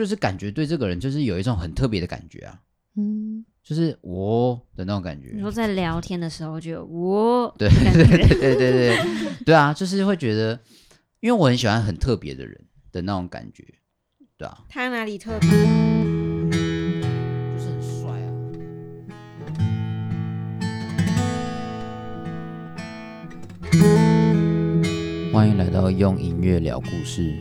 就是感覺對這個人就是有一種很特別的感覺啊，嗯，就是我、哦、的那種感覺。然後在聊天的時候就我覺得，對對對對對對對啊，就是會覺得，因為我很喜歡很特別的人的那種感覺，對啊。他哪裡特別？就是很帥啊！ 歡迎來到用音樂聊故事。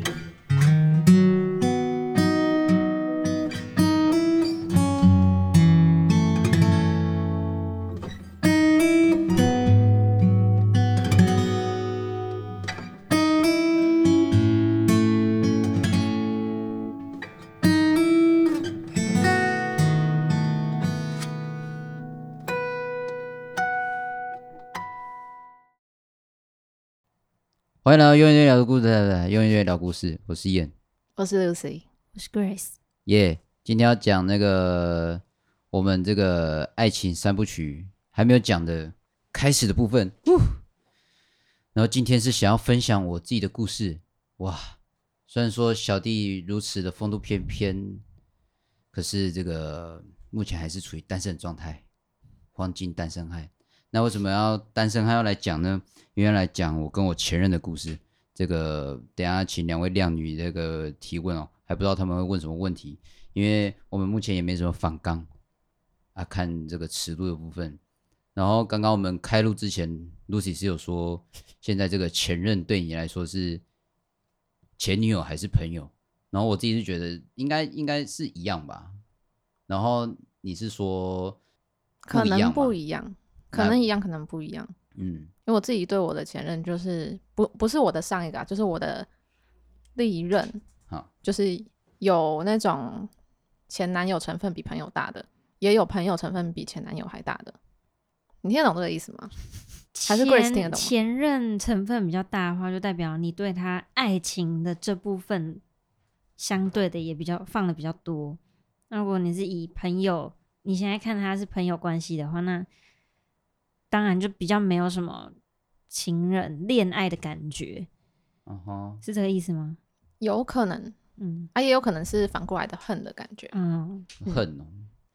歡迎來到《用音樂聊的故事》來來來。《用音樂聊故事》，我是燕，我是 Lucy，我是 Grace。耶，今天要講那個我們這個愛情三部曲還沒有講的開始的部分。呼然後今天是想要分享我自己的故事。哇，雖然說小弟如此的風度翩翩，可是這個目前還是處於單身狀態，黃金單身漢。那為什麼要單身漢要來講呢？原來講我跟我前任的故事，這個等下請兩位靚女這個提問哦、喔，還不知道他們會問什麼問題。因為我們目前也沒什麼訪綱啊，看這個尺度的部分。然後剛剛我們開錄之前 ，Lucy 是有說，現在這個前任對你來說是前女友還是朋友？然後我自己是覺得應該應該是一樣吧。然後你是說，可能不一樣，可能一樣，可能不一樣。嗯，因為我自己對我的前任就是不不是我的上一個、啊，就是我的另一任，好、啊，就是有那種前男友成分比朋友大的，也有朋友成分比前男友還大的。你聽得懂這個意思嗎？還是 Grace 聽得懂前？前任成分比較大的話，就代表你對他愛情的這部分相對的也比較放的比較多。那如果你是以朋友，你現在看他是朋友關係的話，那。當然就比較沒有什麼情人戀愛的感覺，uh huh. 是這個意思嗎？有可能，嗯，啊，也有可能是反過來的恨的感覺，uh huh. 恨嗯，恨，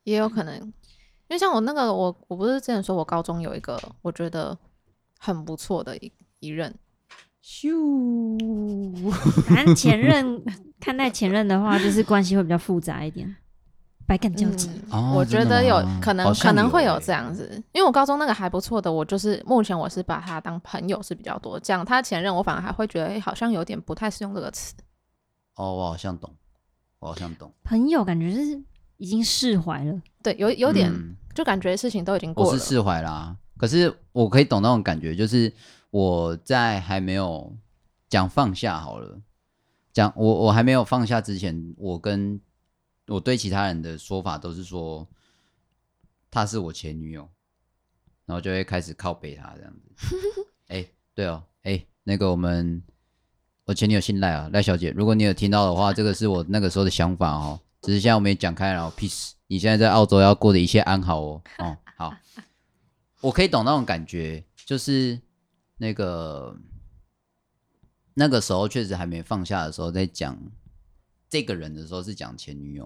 也有可能，因為像我那個，我我不是之前說我高中有一個我覺得很不錯的一一任，咻。反正前任 看待前任的話，就是關係會比較複雜一點。百感交集，我覺得有可能可能會有這樣子，欸、因為我高中那個還不錯的，我就是目前我是把他當朋友是比較多，講他前任，我反而還會覺得，好像有點不太適用這個詞。哦，我好像懂，我好像懂，朋友感覺是已經釋懷了，對，有有點、嗯、就感覺事情都已經過了，我是釋懷啦，可是我可以懂那種感覺，就是我在還沒有講放下好了，講我我還沒有放下之前，我跟。我對其他人的說法都是說，她是我前女友，然後就會開始靠北她這樣子。哎，對哦，哎，那個我們我前女友姓賴啊，賴小姐，如果你有聽到的話，這個是我那個時候的想法哦。只是現在我沒講開，然後 peace。你現在在澳洲要過得一切安好哦。哦、嗯，好，我可以懂那種感覺，就是那個那個時候確實還沒放下的時候在講。這個人的時候是講前女友，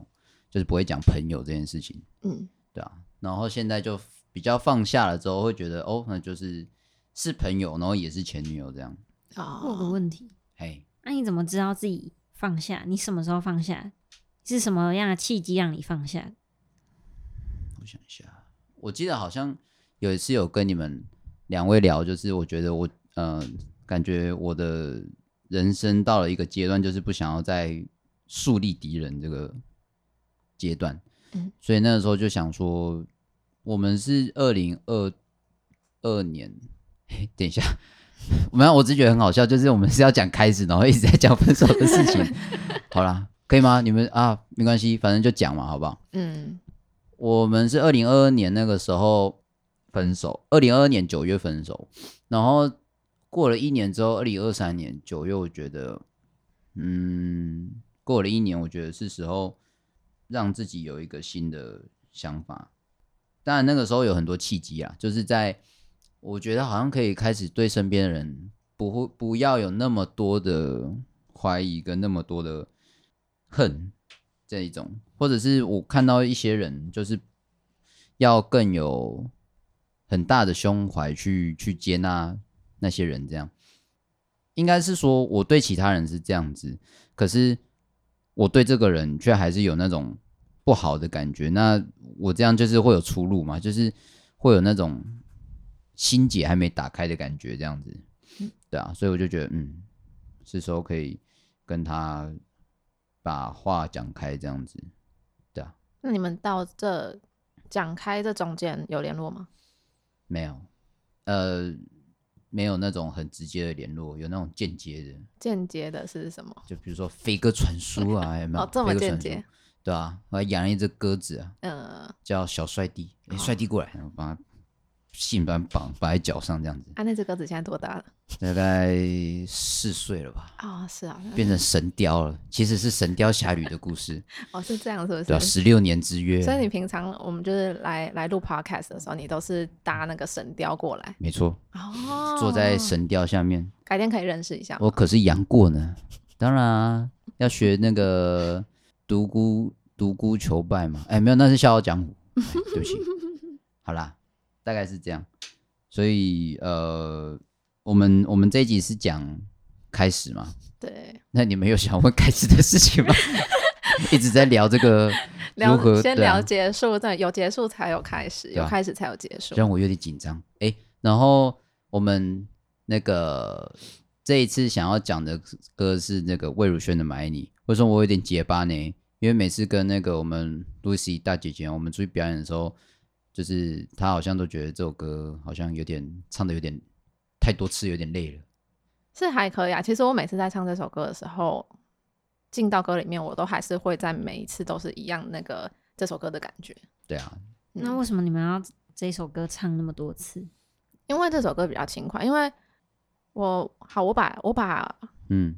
就是不會講朋友這件事情。嗯，對啊。然後現在就比較放下了，之後會覺得哦，那就是是朋友，然後也是前女友這樣。哦、hey, 啊，我有個問題，哎，那你怎麼知道自己放下？你什麼時候放下？是什麼樣的契機讓你放下？我想一下，我記得好像有一次有跟你們兩位聊，就是我覺得我呃，感覺我的人生到了一個階段，就是不想要再。樹立敵人這個階段，嗯、所以那個時候就想說，我們是二零二二年，欸。等一下，我沒有，我只覺得很好笑，就是我們是要講開始，然後一直在講分手的事情。 好啦，可以嗎？你們啊，沒關係，反正就講嘛，好不好？嗯，我們是二零二二年那個時候分手，二零二二年九月分手，然後過了一年之後，二零二三年九月，我覺得，嗯。過了一年，我覺得是時候讓自己有一個新的想法。當然，那個時候有很多契機啊，就是在我覺得好像可以開始對身邊的人不，不不要有那麼多的懷疑跟那麼多的恨這一種，或者是我看到一些人就是要更有很大的胸懷去去接納那些人，這樣應該是說我對其他人是這樣子，可是。我對這個人卻還是有那種不好的感覺，那我這樣就是會有出路嘛？就是會有那種心結還沒打開的感覺，這樣子，嗯、對啊，所以我就覺得，嗯，是時候可以跟他把話講開，這樣子，對啊。那你們到這講開這中間有聯絡嗎？沒有，呃。沒有那種很直接的聯絡，有那種間接的。間接的是什麼？就比如說飛鴿傳書啊， 有沒有、 哦，這麼間接。飛鴿傳書。對啊，我還養了一隻鴿子啊，呃、叫小帥弟。哎，帥弟過來，哦、我幫他。信軟綁綁在腳上這樣子。啊，那只鴿子現在多大了？大概四歲了吧。 哦、啊，是啊，是啊，變成神鵰了。其實是《神鵰俠侶》的故事。 哦，是這樣，是不是？對、啊，十六年之約。所以你平常我們就是來來錄 Podcast 的時候，你都是搭那個神鵰過來。嗯、沒錯。哦。坐在神鵰下面。改天可以認識一下。我可是楊過呢，當然、啊、要學那個獨孤獨孤求敗嘛。哎、欸，沒有，那是《笑傲江湖》欸。對不起。 好啦。大概是這樣，所以呃，我們我們這一集是講開始嘛？對。那你們有想問開始的事情嗎？ 一直在聊這個如何先聊結束，再、啊、有結束才有開始，啊、有開始才有結束。讓我有點緊張、欸。然後我們那個這一次想要講的歌是那個魏如萱的《買你》，為什麼我有點結巴呢？因為每次跟那個我們 Lucy 大姐姐，我們出去表演的時候。就是他好像都覺得這首歌好像有點唱得有點太多次，有點累了，是還可以啊。其實我每次在唱這首歌的時候，進到歌裡面，我都還是會在每一次都是一樣那個這首歌的感覺。對啊，那為什麼你們要這首歌唱那麼多次？嗯，因為這首歌比較輕快，因為我好，我把我把嗯，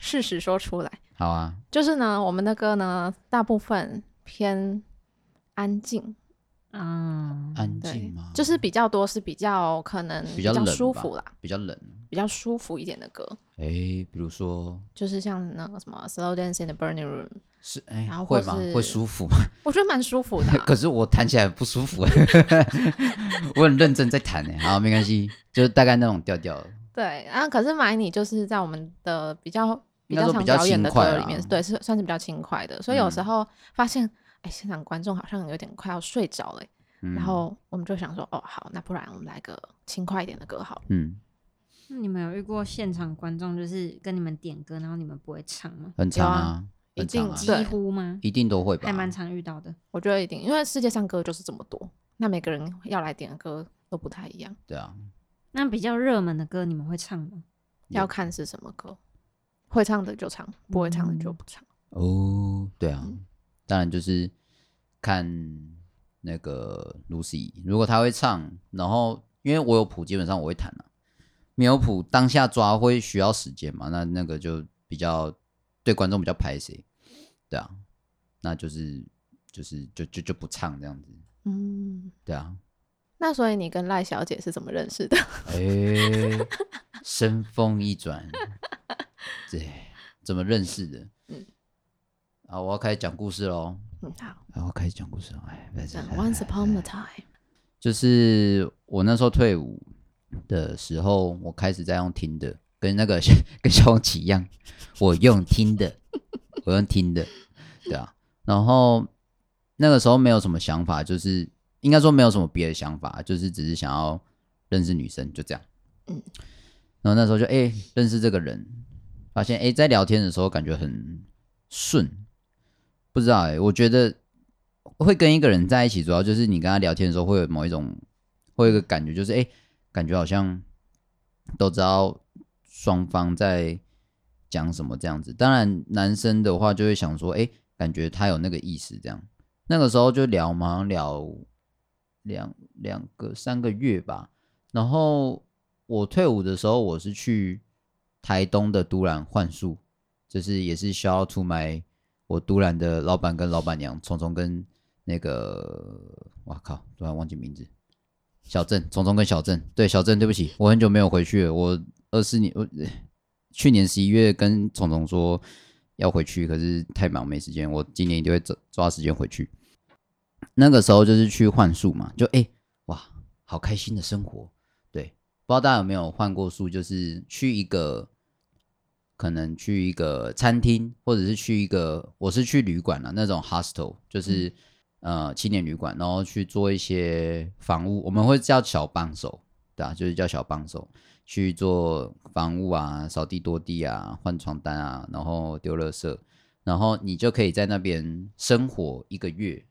事實說出來。好啊，就是呢，我們的歌呢，大部分偏。安靜，嗯，安靜嗎？就是比較多是比較可能比較舒服啦，比較冷，比較舒服一點的歌。哎，比如說，就是像那個什麼 Slow Dance in the Burning Room，是哎，會嗎？會舒服嗎？我覺得蠻舒服的，可是我彈起來不舒服，我很認真在彈呢。好，沒關係，就是大概那種調調。對啊，可是買你就是在我們的比較比較常表演的歌裡面，對，是算是比較輕快的，所以有時候發現。哎，現場觀眾好像有點快要睡着了，然後我們就想說，哦，好，那不然我們來個輕快一點的歌，好。嗯，那你們有遇過現場觀眾就是跟你們點歌，然後你們不會唱嗎？很常啊，一定幾乎嗎？一定都會吧？還蠻常遇到的，我覺得一定，因為世界上歌就是這麼多，那每個人要來點點歌都不太一樣。對啊，那比較熱門的歌你們會唱嗎？要看是什麼歌，會唱的就唱，不會唱的就不唱。哦，對啊。當然就是看那個 Lucy，如果他會唱，然後因為我有譜，基本上我會彈了。沒有譜，當下抓會需要時間嘛，那那個就比較對觀眾比較排斥，對啊，那就是就是就就就，就不唱這樣子。嗯，對啊。那所以你跟賴小姐是怎麼認識的？哎、欸，生風一轉， 對，怎麼認識的？啊，我要開始講故事嘍！啊、嗯，我開始講故事了。哎、uh，Once upon the time，就是我那時候退伍的時候，我開始在用聽的，跟那個小跟小王奇一樣，我用聽的， 我用聽的，對啊。然後那個時候沒有什麼想法，就是應該說沒有什麼別的想法，就是只是想要認識女生，就這樣。嗯，然後那時候就哎、欸、認識這個人，發現哎、欸、在聊天的時候感覺很順。不知道哎、欸，我覺得會跟一個人在一起，主要就是你跟他聊天的時候，會有某一種，會有一個感覺，就是哎、欸，感覺好像都知道雙方在講什麼這樣子。當然，男生的話就會想說，哎、欸，感覺他有那個意思這樣。那個時候就聊嘛，聊兩兩個三個月吧。然後我退伍的時候，我是去台東的都蘭換宿，就是也是需要出 y 我獨蘭的老闆跟老闆娘蟲蟲跟那個，哇靠，突然忘記名字。小鄭，蟲蟲跟小鄭，對小鄭，對不起，我很久沒有回去了。我二四年，我，呃，去年十一月跟蟲蟲說要回去，可是太忙沒時間。我今年一定會抓抓時間回去。那個時候就是去換宿嘛，就哎哇，好開心的生活。對，不知道大家有沒有換過宿，就是去一個。可能去一個餐廳，或者是去一個，我是去旅館了，那種 hostel，就是、嗯、呃青年旅館，然後去做一些房務，我們會叫小幫手，對啊，就是叫小幫手去做房務啊，掃地拖地啊，換床單啊，然後丟垃圾，然後你就可以在那邊生活一個月，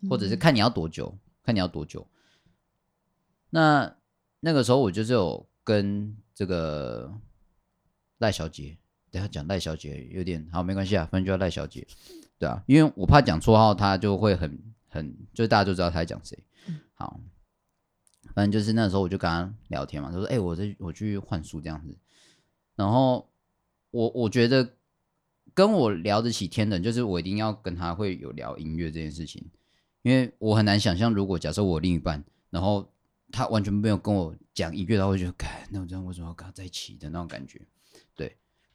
嗯、或者是看你要多久，看你要多久。那那個時候我就是有跟這個賴小姐。他講賴小姐有點好，沒關係啊，反正就要賴小姐，對啊，因為我怕講綽號，他就會很很，就是、大家都知道他在講誰。好，反正就是那時候我就跟他聊天嘛，他說：“哎、欸，我這我去換書這樣子。”然後我我覺得跟我聊得起天的人，就是我一定要跟他會有聊音樂這件事情，因為我很難想象，如果假設我另一半，然後他完全沒有跟我講音樂，然後我就覺得，那我這樣，為什麼要跟他在一起的那種感覺。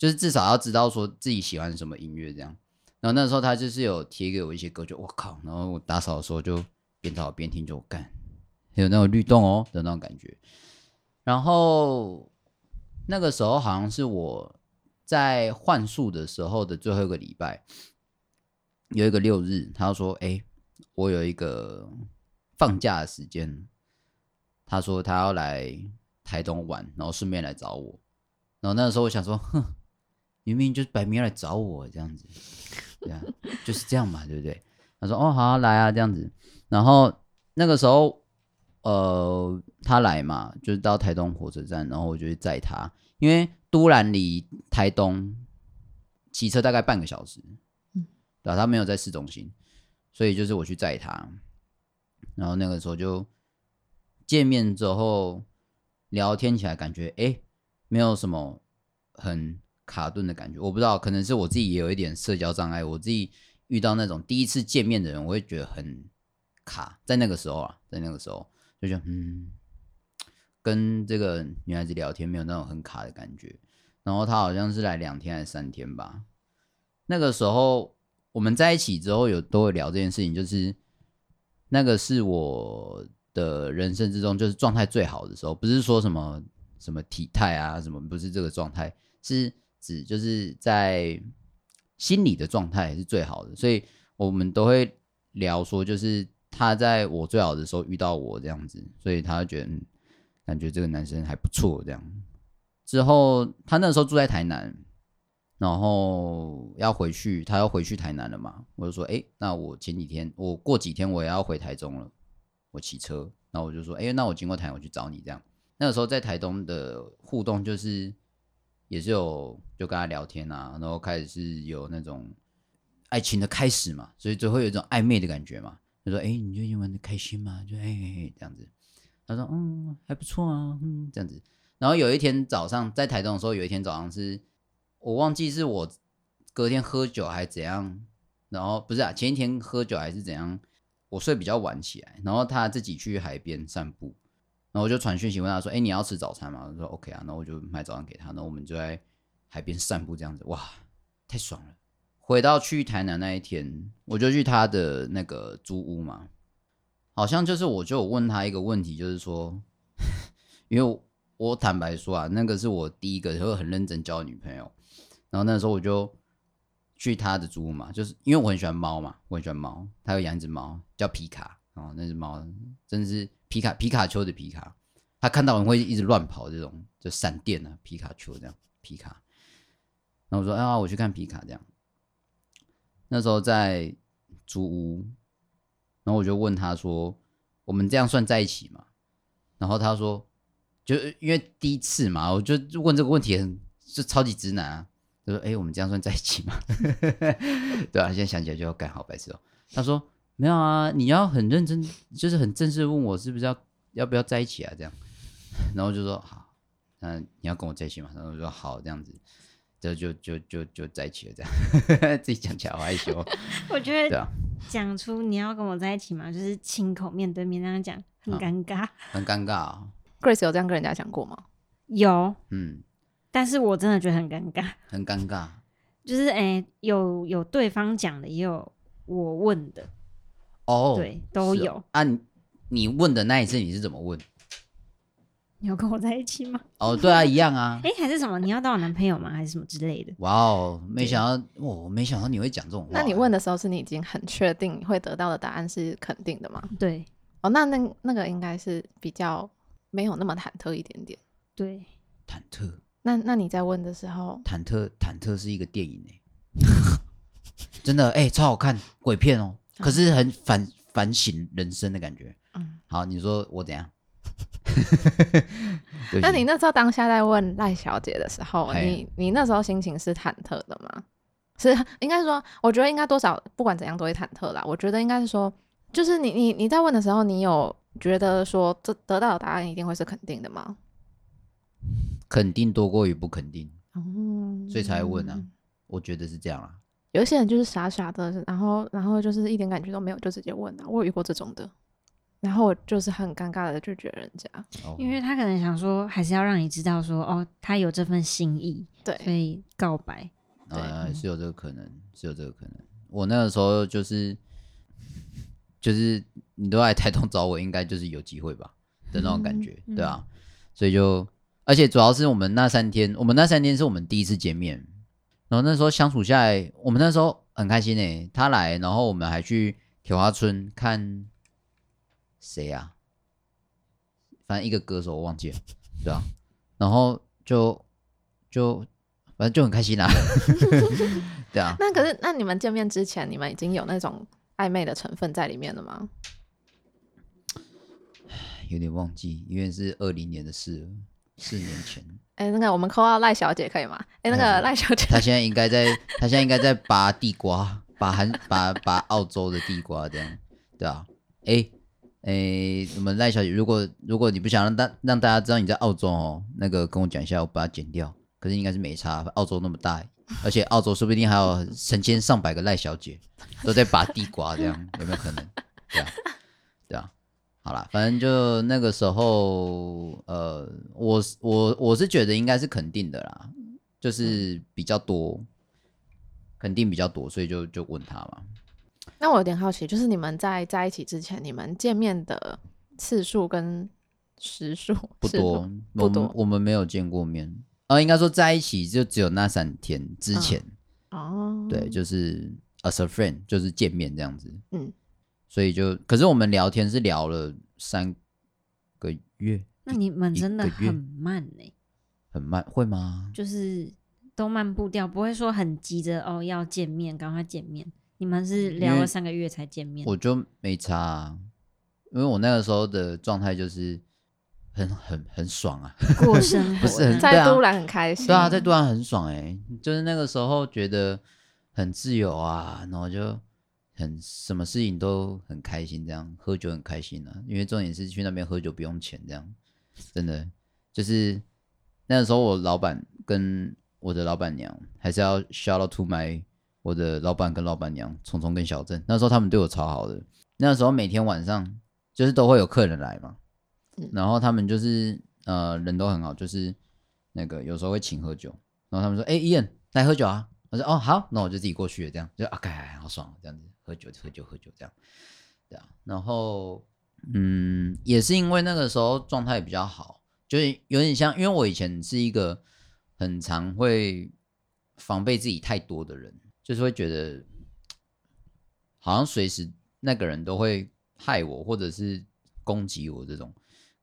就是至少要知道說自己喜歡什麼音樂這樣，然後那時候他就是有貼給我一些歌就，就我靠，然後我打掃的時候就邊掃邊聽就幹，有那種律動哦的那種感覺。然後那個時候好像是我在換宿的時候的最後一個禮拜，有一個六日，他說：“哎、欸，我有一個放假的時間，他說他要來台東玩，然後順便來找我。”然後那個時候我想說，哼。明明就是擺明要來找我這樣子，對啊，就是這樣嘛，對不對？他說：“哦，好，好來啊，這樣子。”然後那個時候，呃，他來嘛，就是到台東火車站，然後我就去載他，因為都蘭離台東騎車大概半個小時，嗯，然後他沒有在市中心，所以就是我去載他。然後那個時候就見面之後聊天起來，感覺哎，沒有什麼很。卡頓的感覺，我不知道，可能是我自己也有一點社交障礙。我自己遇到那種第一次見面的人，我會覺得很卡。在那個時候啊，在那個時候，就覺得嗯，跟這個女孩子聊天沒有那種很卡的感覺。然後她好像是來兩天還是三天吧。那個時候我們在一起之後有，有都會聊這件事情，就是那個是我的人生之中就是狀態最好的時候，不是說什麼什麼體態啊，什麼不是這個狀態是。就是在心理的狀態是最好的，所以我們都會聊說，就是他在我最好的時候遇到我這樣子，所以他就覺得感覺這個男生還不錯。這樣之後，他那時候住在台南，然後要回去，他要回去台南了嘛？我就說，誒，那我前幾天，我過幾天我也要回台中了，我騎車。然後我就說，誒，那我經過台南我去找你這樣。那個時候在台東的互動就是。也是有就跟他聊天啊，然後開始是有那種愛情的開始嘛，所以就會有一種曖昧的感覺嘛。他說：“哎、欸，你最近玩得開心嗎？”就哎誒誒這樣子。他說：“嗯，還不錯啊，嗯這樣子。”然後有一天早上在台東的時候，有一天早上是，我忘記是我隔天喝酒還是怎樣，然後不是啊，前一天喝酒還是怎樣，我睡比較晚起來，然後他自己去海邊散步。然後我就傳訊息問他說：“哎、欸，你要吃早餐嗎？”他說：“OK 啊。”然後我就買早餐給他。然後我們就在海邊散步，這樣子，哇，太爽了。回到去台南那一天，我就去他的那個租屋嘛，好像就是我就問他一個問題，就是說，因為我，我坦白說啊，那個是我第一個很很認真交的女朋友。然後那個時候我就去他的租屋嘛，就是因為我很喜歡貓嘛，我很喜歡貓，他有養一隻貓叫皮卡，然後，哦，那隻貓真是。皮卡皮卡丘的皮卡，他看到人會一直亂跑，這種就閃電啊，皮卡丘這樣皮卡。然後我說：“啊，我去看皮卡這樣。”那時候在租屋，然後我就問他說：“我們這樣算在一起嗎？”然後他說：“就因為第一次嘛，我就問這個問題很就超級直男啊。”他說：“哎、欸，我們這樣算在一起嗎？” 對啊，現在想起來就要改好白痴哦、喔。他說。沒有啊，你要很認真，就是很正式的問我是不是要要不要在一起啊？這樣，然後就說好，嗯，你要跟我在一起嗎？然後我就說好，這樣子，就就就就就在一起了。這樣 自己講起來好害羞。 我覺得講出你要跟我在一起嗎，就是親口面對面那樣講，很尷尬，嗯、很尷尬、哦。Grace 有這樣跟人家講過嗎？有，嗯，但是我真的覺得很尷尬，很尷尬。就是哎、欸，有有對方講的，也有我問的。哦，oh, 對，都有、哦、啊。你問的那一次你是怎麼問？你有跟我在一起嗎？哦，oh, 對啊，一樣啊。哎、欸，還是什麼？你要當我男朋友嗎？還是什麼之類的？哇哦，沒想到對，我沒想到你會講這種話。那你問的時候是你已經很確定你會得到的答案是肯定的嗎？對。哦，那那那個應該是比較沒有那麼忐忑一點點。對，忐忑。那那你在問的時候，忐忑忐忑是一個電影誒， 真的哎、欸，超好看鬼片哦。可是很反反省人生的感覺。嗯，好，你說我怎樣？ 起那你那時候當下在問賴小姐的時候，啊、你你那時候心情是忐忑的嗎？是，應該是說，我覺得應該多少不管怎樣都會忐忑啦。我覺得應該是說，就是你你你在問的時候，你有覺得說這得到的答案一定會是肯定的嗎？肯定多過於不肯定，哦，所以才會問啊。嗯，我覺得是這樣啊。有些人就是傻傻的，然後，然後就是一點感覺都沒有，就直接問了，啊，我有遇過這種的，然後我就是很尷尬的拒絕人家，因為他可能想說還是要讓你知道說，哦，他有這份心意，對，所以告白對啊，啊，是有這個可能，是有這個可能。我那個時候就是，就是你都來台東找我，應該就是有機會吧的那種感覺，嗯、對啊。所以就，而且主要是我們那三天，我們那三天是我們第一次見面。然後那時候相處下來，我們那時候很開心呢、欸。他來，然後我們還去鐵花村看誰啊？反正一個歌手，我忘記了，對啊。然後就就反正就很開心啦 對啊。 那可是，那你們見面之前，你們已經有那種曖昧的成分在裡面了嗎？有點忘記，因為是二零年的事了，四年前。 哎、欸，那個我們 call 到賴小姐可以嗎？哎、欸，那個賴小姐，她現在應該在，她 現在應該在拔地瓜，拔韓，拔拔澳洲的地瓜這樣，對吧、啊？哎、欸、哎，我們賴小姐，如果如果你不想讓大讓大家知道你在澳洲哦，那個跟我講一下，我把它剪掉。可是應該是沒差，澳洲那麼大，而且澳洲說不定還有成千上百個賴小姐都在拔地瓜，這樣 有沒有可能？對啊，對啊。好了，反正就那個時候，呃，我我我是覺得應該是肯定的啦，就是比較多，肯定比較多，所以就就問他嘛。那我有點好奇，就是你們在在一起之前，你們見面的次數跟時數不多，次數，我們，不多，我們沒有見過面。啊、呃，應該說在一起就只有那三天之前。哦。Uh. Oh. 對，就是 as a friend，就是見面這樣子。嗯。所以就，可是我們聊天是聊了三個月，那你們真的很慢呢？欸？很慢，會嗎？就是都慢步調，不會說很急着哦要見面，趕快見面。你們是聊了三個月才見面，我就沒差，啊，因為我那個時候的狀態就是很很很爽啊，過生活，啊、 不是，很在都蘭很開心，對啊，在都蘭很爽哎，欸，就是那個時候覺得很自由啊，然後就。很什麼事情都很開心，這樣喝酒很開心啊，因為重點是去那邊喝酒不用錢，這樣真的就是那個時候我老板跟我的老板娘還是要 shout out to my 我的老板跟老板娘蟲蟲跟小鄭，那個時候他們對我超好的，那個時候每天晚上就是都會有客人來嘛，然後他們就是呃人都很好，就是那個有時候會請喝酒，然後他們說哎 Ian 來喝酒啊，我說哦好，那我就自己過去這樣就啊開、okay, 好爽、啊、這樣子。喝酒，喝酒，喝酒，這樣，對啊。然後，嗯，也是因為那個時候狀態比較好，就是有點像，因為我以前是一個很常會防備自己太多的人，就是會覺得好像隨時那個人都會害我，或者是攻擊我這種。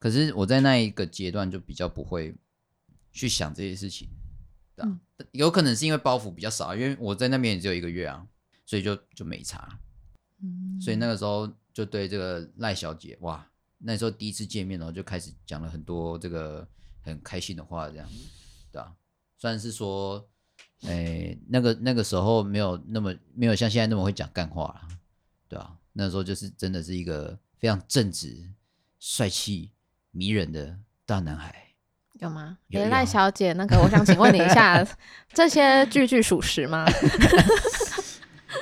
可是我在那一個階段就比較不會去想這些事情，對啊。嗯。有可能是因為包袱比較少，因為我在那邊也只有一個月啊。所以就就沒差，嗯、所以那個時候就對這個賴小姐哇，那時候第一次見面，然後就開始講了很多這個很開心的話，這樣對吧、啊？雖然是說，哎、欸，那個那個時候沒有那麼沒有像現在那麼會講幹話了，對吧、啊？那時候就是真的是一個非常正直、帥氣、迷人的大男孩，有嗎？有賴小姐，那個我想請問你一下， 這些句句屬實嗎？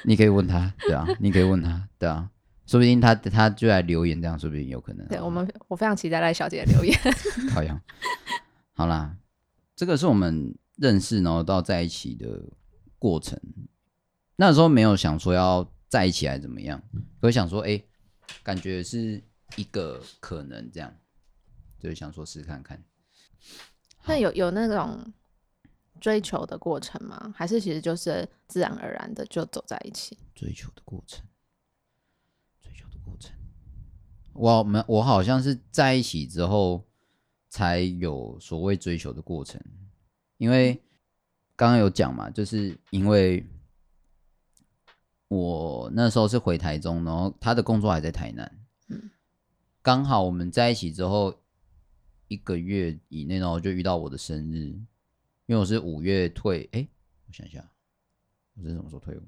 你可以問他對啊， 你可以問他對啊，說不定他他就來留言這樣，說不定有可能。對我們，我非常期待賴小姐的留言。好 厭，好啦，這個是我們認識然後到在一起的過程，那時候沒有想說要在一起還怎麼樣，可是想說哎、欸，感覺是一個可能這樣，就想說試試看看。那有有那種。追求的過程嗎？還是其實就是自然而然的就走在一起？追求的過程，追求的過程，我們我好像是在一起之後才有所謂追求的過程，因為剛剛有講嘛，就是因為我那時候是回台中，然後他的工作還在台南，嗯，剛好我們在一起之後一個月以內然後就遇到我的生日。因為我是五月退，誒、欸，我想一下，我是什麼時候退伍？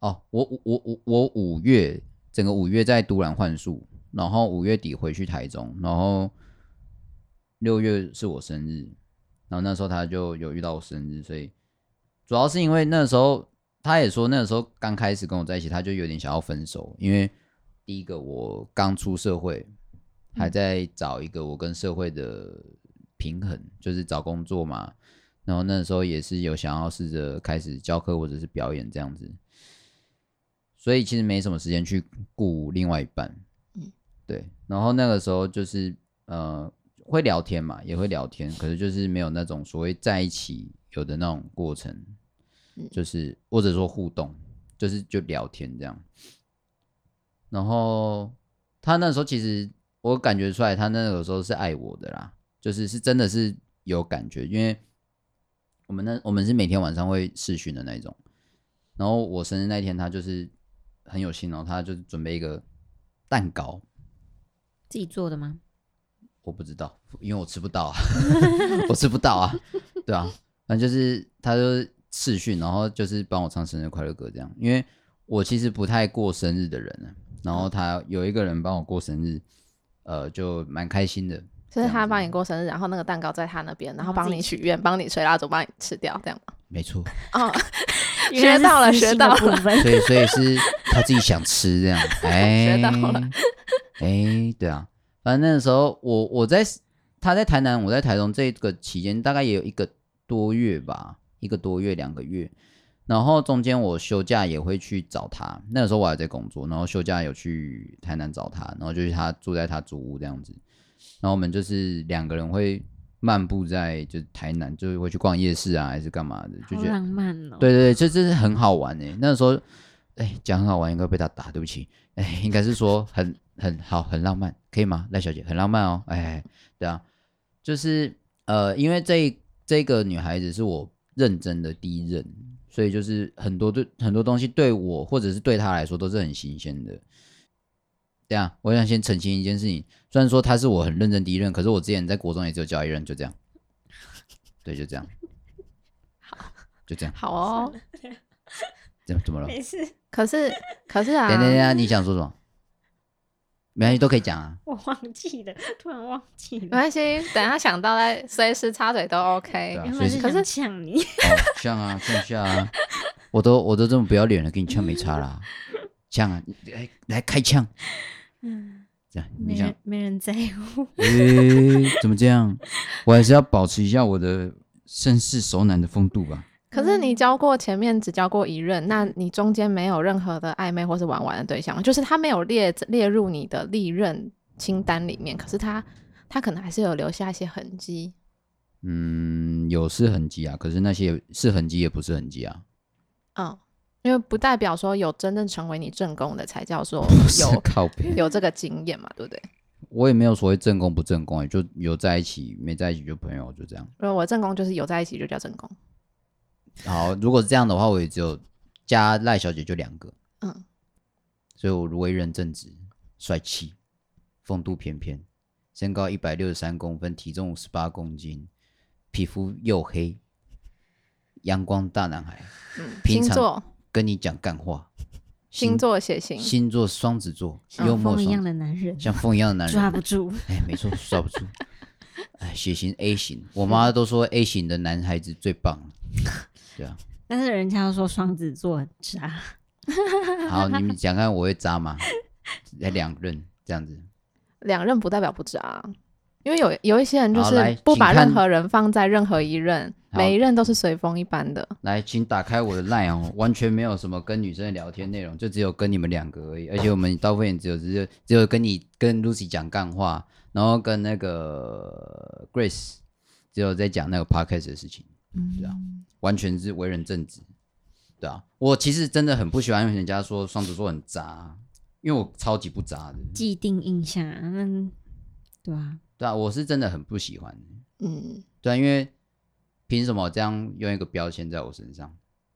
哦，我我我我五月整個五月在都蘭換宿，然後五月底回去台中，然後六月是我生日，然後那時候他就有遇到我生日，所以主要是因為那時候他也說，那時候剛開始跟我在一起，他就有點想要分手，因為第一個我剛出社會，還在找一個我跟社會的平衡，嗯、就是找工作嘛。然後那時候也是有想要試着開始教課或者是表演這樣子，所以其實沒什麼時間去顧另外一半。對。然後那個時候就是呃，會聊天嘛，也會聊天，可是就是沒有那種所謂在一起有的那種過程，就是或者說互動，就是就聊天這樣。然後他那時候其實我感覺出來，他那個時候是愛我的啦，就是是真的是有感覺，因為。我們那我們是每天晚上會視訊的那一種，然後我生日那一天他就是很有心哦然後他就準備一個蛋糕。自己做的嗎？我不知道，因為我吃不到啊， 我吃不到啊，對啊，反正就是他就是視訊，然後就是幫我唱生日快樂歌這樣，因為我其實不太過生日的人呢，然後他有一個人幫我過生日，呃，就蠻開心的。就是他幫你過生日，然後那個蛋糕在他那邊，然後幫你許願，幫你吹蠟燭，幫你，你吃掉，這樣。沒錯。哦， 學到了，學到了。學到了。所以，所以是他自己想吃這樣。哎、欸，學到了。哎、欸，對啊。反正那個時候我我在他在台南，我在台中這個期間大概也有一個多月吧，一個多月兩個月。然後中間我休假也會去找他。那個時候我還在工作，然後休假有去台南找他，然後就是他住在他租屋這樣子。然後我們就是兩個人會漫步在就台南，就是會去逛夜市啊，還是幹嘛的，就覺得浪漫哦。對，對對，這真是很好玩呢，欸。那時候，哎，講很好玩應該被他打，對不起。哎，應該是說很很好很浪漫，可以嗎？賴小姐。很浪漫哦，哎，對啊，就是呃，因為這一這一個女孩子是我認真的第一任，所以就是很多對很多東西對我或者是對她來說都是很新鮮的。對啊，我想先澄清一件事情。雖然說他是我很認真第一任，可是我之前在國中也只有交一任，就這樣。對，就這樣。好，就這樣。好哦。怎麼怎麼了？沒事。可是可是啊。等等下，你想說什麼？ 沒關係，都可以講啊。我忘記了，突然忘記了。沒關係，等下想到再隨時插嘴都 OK。可、啊、是，嗆你。嗆、 哦、啊，嗆啊！我都我都這麼不要臉了，跟你嗆沒差啦。嗆啊，來來開槍。嗯，這樣，這樣，沒人沒人在乎，哎、欸，怎麼這樣？ 我還是要保持一下我的盛世熟男的風度吧。可是你交過前面只交過一任，那你中間沒有任何的曖昧或是玩玩的對象，就是他沒有列列入你的歷任清單裡面，可是他他可能還是有留下一些痕跡。嗯，有是痕跡啊，可是那些是痕跡也不是痕跡啊。嗯、哦。因為不代表說有真正成為你正宮的才叫做有靠邊，有這個經驗嘛，對不對？我也沒有所謂正宮不正宮，就有在一起沒在一起，就朋友就這樣。那我正宮就是有在一起就叫正宮。好，如果是這樣的話，我也只有加賴小姐就兩個。嗯，所以我如為人正直、帥氣、風度翩翩，身高一百六十三公分，體重五十八公斤，皮膚黝黑，陽光大男孩。嗯，星座。跟你講幹話，新星座血型，星座雙子座，幽默、哦、風一樣的男人，像風一樣的男人，抓不住。哎，沒錯，抓不住。 哎，血型 A 型，我媽都說 A 型的男孩子最棒。對啊，但是人家都說雙子座很渣。 好，你們講看我會渣嗎？來，兩任這樣子，兩任不代表不渣。因為有有一些人就是不把任何人放在任何一任，每一任都是隨風一般的。來，請打開我的 LINE 哦，完全沒有什麼跟女生的聊天內容，就只有跟你們兩個而已。而且我們、呃、到後面只有只有跟你跟 Lucy 講幹話，然後跟那個 Grace 只有在講那個 Podcast 的事情，嗯、對啊，完全是為人正直。對啊，我其實真的很不喜歡人家說雙子座很渣，因為我超級不渣的。既定印象，嗯。對啊，對啊，我是真的很不喜歡。嗯，對啊，因為憑什麼這樣用一個標籤在我身上？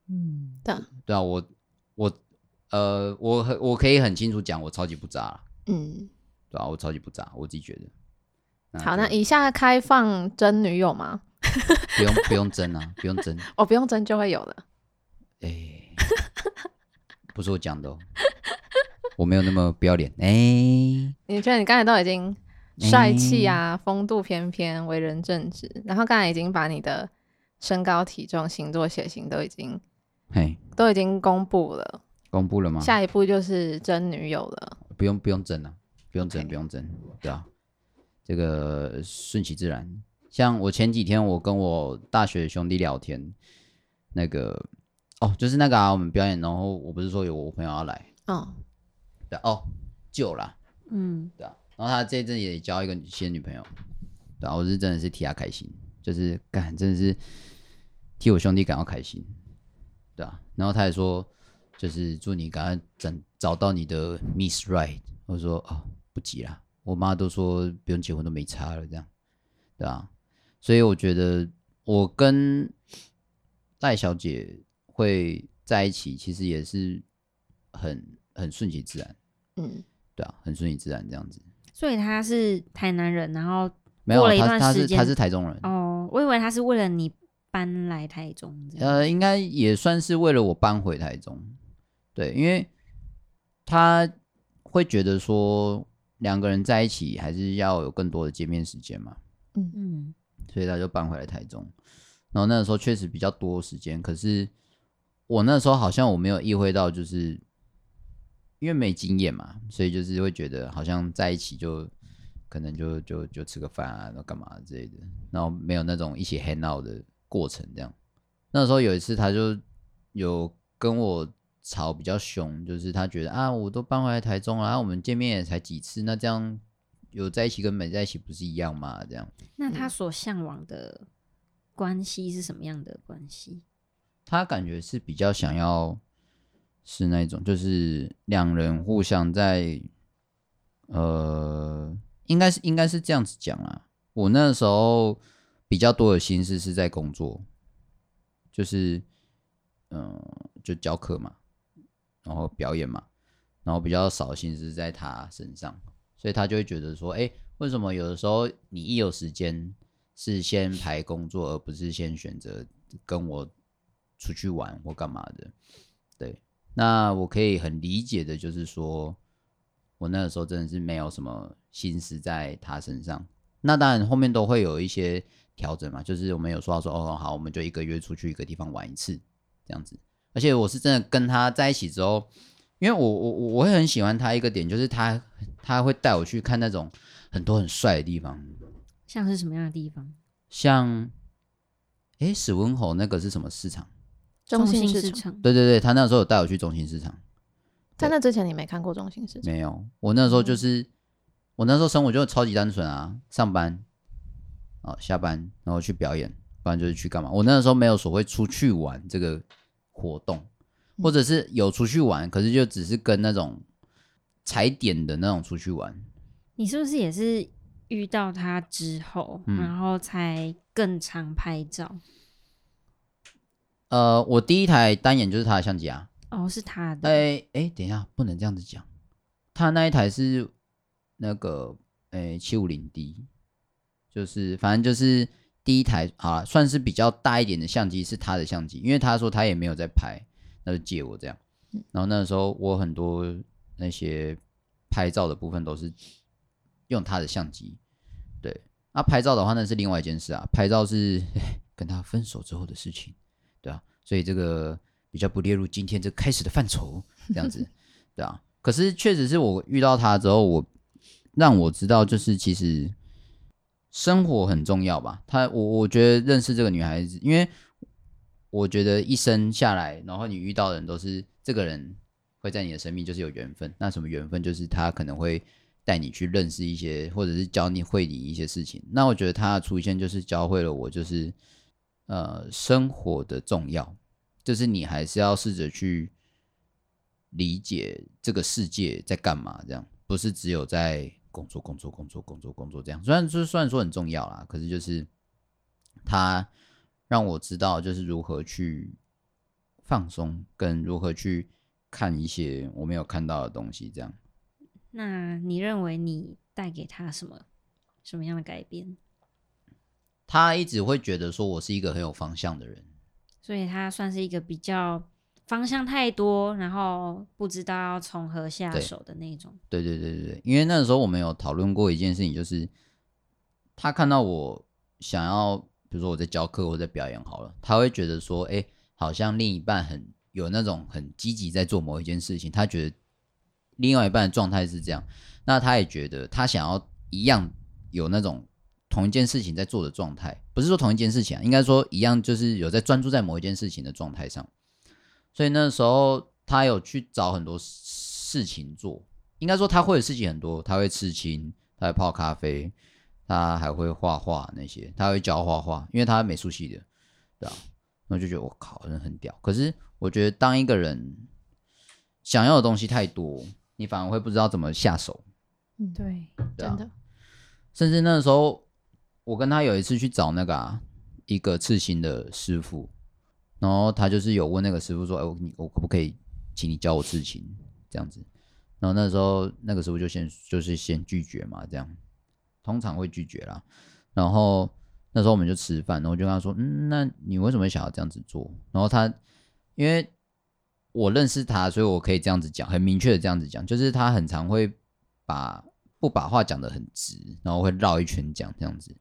嗯，對啊，對啊，我我呃，我我可以很清楚講，我超級不渣。嗯，對啊，我超級不渣，我自己覺得。好，那以下開放徵女友嗎？ 不用，不用徵啊，不用徵。哦， 不用徵就會有的。哎、欸，不是我講的哦， 我沒有那麼不要臉。哎、欸，你覺得你剛才都已經。帥氣啊，欸、風度翩翩，為人正直。然後剛才已經把你的身高、體重、星座、血型都已經，嘿都已經公布了。公布了嗎？下一步就是徵女友了。不用，不用徵了、啊，不用徵，不用徵，Okay. 對啊，這個順其自然。像我前幾天，我跟我大學兄弟聊天，那個哦，就是那個啊，我們表演，然後我不是說有我朋友要來哦，對哦，就啦，了，嗯，對啊。然後他這陣也交一個新女朋友，對啊，我是真的是替他開心，就是感真的是替我兄弟感到開心，對啊。然後他也說，就是祝你趕快找找到你的 Miss Right。我說哦，不急啦，我媽都說不用結婚都沒差了，這樣，對啊。所以我覺得我跟戴小姐會在一起，其實也是很很順其自然，嗯，對啊，很順其自然這樣子。所以他是台南人，然後過了一段時間，沒有，他是台中人。哦，oh, 我以為他是為了你搬來台中。呃，應該也算是為了我搬回台中。對，因為他會覺得說兩個人在一起還是要有更多的見面時間嘛。嗯嗯。所以他就搬回來台中，然後那個時候確實比較多時間，可是我那時候好像我沒有意會到，就是。因為沒經驗嘛，所以就是會覺得好像在一起就可能就就就吃個飯啊，都幹嘛啊之類的，然後沒有那種一起 hang out 的過程這樣。那時候有一次他就有跟我吵比較兇，就是他覺得啊，我都搬回來台中了啊，我們見面也才幾次，那這樣有在一起跟沒在一起不是一樣嗎？這樣。那他所向往的關係是什麼樣的關係？他感覺是比較想要。是那種，就是兩人互相在，呃，應該是應該是這樣子講啊。我那時候比較多的心思是在工作，就是，嗯，就教課嘛，然後表演嘛，然後比較少心思在他身上，所以他就會覺得說，哎，為什麼有的時候你一有時間是先排工作，而不是先選擇跟我出去玩或幹嘛的？對。那我可以很理解的，就是說我那個時候真的是沒有什麼心思在他身上。那當然後面都會有一些調整嘛，就是我們有說到說，哦，好，我們就一個月出去一個地方玩一次這樣子。而且我是真的跟他在一起之後，因為我我我我會很喜歡他一個點，就是他他會帶我去看那種很多很帥的地方。像是什麼樣的地方？像哎、欸，史文侯那個是什麼市場？中心市場，市場對對對，他那時候有帶我去中心市場，在那之前你沒看過中心市場？場沒有，我那時候就是、嗯、我那時候生活就超級單純啊，上班啊，下班然後去表演，不然就是去幹嘛。我那時候沒有所謂出去玩這個活動，嗯、或者是有出去玩，可是就只是跟那種踩點的那種出去玩。你是不是也是遇到他之後，然後才更常拍照？嗯呃，我第一台單眼就是他的相機啊。哦，是他的。哎哎，等一下，不能這樣子講。他那一台是那個，哎，七五零 D，就是反正就是第一台，好了，算是比較大一點的相機是他的相機，因為他說他也沒有在拍，那就借我這樣。然後那個時候我很多那些拍照的部分都是用他的相機。對，那、啊、拍照的話那是另外一件事啊，拍照是跟他分手之後的事情。所以這個比較不列入今天這開始的範疇，這樣子，對啊。可是確實是我遇到她之後，我讓我知道就是其實生活很重要吧。她我我覺得認識這個女孩子，因為我覺得一生下來，然後你遇到的人都是這個人會在你的生命就是有緣分。那什麼緣分就是他可能會帶你去認識一些，或者是教你會你一些事情。那我覺得她的出現就是教會了我就是。呃，生活的重要，就是你還是要試着去理解這個世界在幹嘛，這樣，不是只有在工作、工作、工作、工作、工作這樣。雖然說雖然說很重要啦，可是就是他讓我知道，就是如何去放鬆，跟如何去看一些我沒有看到的東西。這樣。那你認為你帶給他什麼什麼樣的改變？他一直會覺得說，我是一個很有方向的人，所以他算是一個比較方向太多，然後不知道要從何下手的那種。對對對對，因為那個時候我們有討論過一件事情，就是他看到我想要，比如說我在教課，我在表演好了，他會覺得說，哎、欸，好像另一半很有那種很積極在做某一件事情，他覺得另外一半的狀態是這樣，那他也覺得他想要一樣有那種。同一件事情在做的狀態，不是說同一件事情啊，應該說一樣，就是有在專注在某一件事情的狀態上。所以那時候他有去找很多事情做，應該說他會的事情很多，他會刺青，他會泡咖啡，他還會畫畫那些，他會教畫畫，因為他美術系的，對啊。那就覺得我靠，人很屌。可是我覺得當一個人想要的東西太多，你反而會不知道怎麼下手。嗯，對，對啊、真的。甚至那時候。我跟他有一次去找那個、啊、一個刺青的師傅，然後他就是有問那個師傅說：“哎、欸，我你我可不可以請你教我刺青這樣子？”然後那時候那個師傅就先就是先拒絕嘛，這樣通常會拒絕啦。然後那時候我們就吃飯，然後我就跟他說：“嗯，那你為什麼會想要這樣子做？”然後他因為我認識他，所以我可以這樣子講，很明確的這樣子講，就是他很常會把。不把話講得很直，然後會繞一圈講這樣子，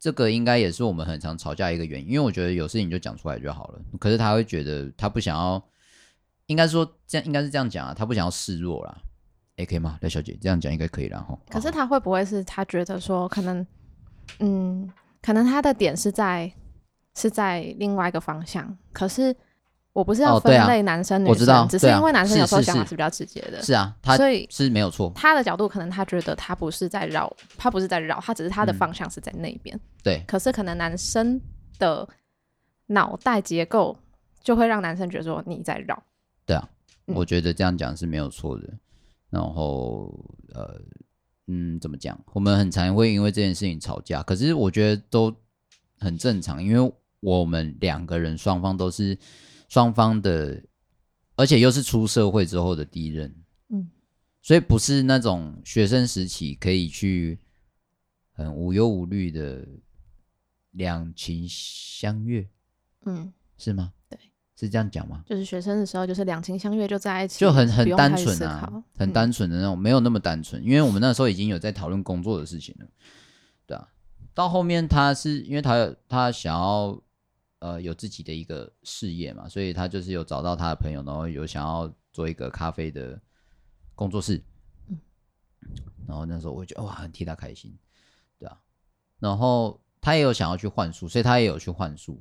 這個應該也是我們很常吵架一個原因。因為我覺得有事情就講出來就好了，可是他會覺得他不想要，應該說這樣應該是這樣講啊，他不想要示弱啦。欸，可以嗎？賴小姐這樣講應該可以，然後可是他會不會是他覺得說可能嗯，可能他的點是在是在另外一個方向，可是。我不是要分類男生女生，哦啊、只是、啊、因為男生有時候想法是比較直接的，是，是，是，是啊，他所以是沒有錯。他的角度可能他覺得他不是在繞，他不是在繞，他只是他的方向是在那邊。嗯、對，可是可能男生的腦袋結構就會讓男生覺得說你在繞。對啊，嗯、我覺得這樣講是沒有錯的。然後呃，嗯，怎麼講？我們很常會因為這件事情吵架，可是我覺得都很正常，因為我們兩個人雙方都是。雙方的，而且又是出社會之後的第一任，嗯，所以不是那種學生時期可以去很無憂無慮的兩情相悅，嗯，是嗎？對，是這樣講嗎？就是學生的時候，就是兩情相悅就在一起，就很很單純啊，嗯，很單純的那種，沒有那麼單純，因為我們那時候已經有在討論工作的事情了，對啊，到後面他是因為他他想要。呃，有自己的一個事業嘛，所以他就是有找到他的朋友，然後有想要做一個咖啡的工作室，嗯，然後那時候我就覺得哇，很替他開心，對啊，然後他也有想要去換書，所以他也有去換書，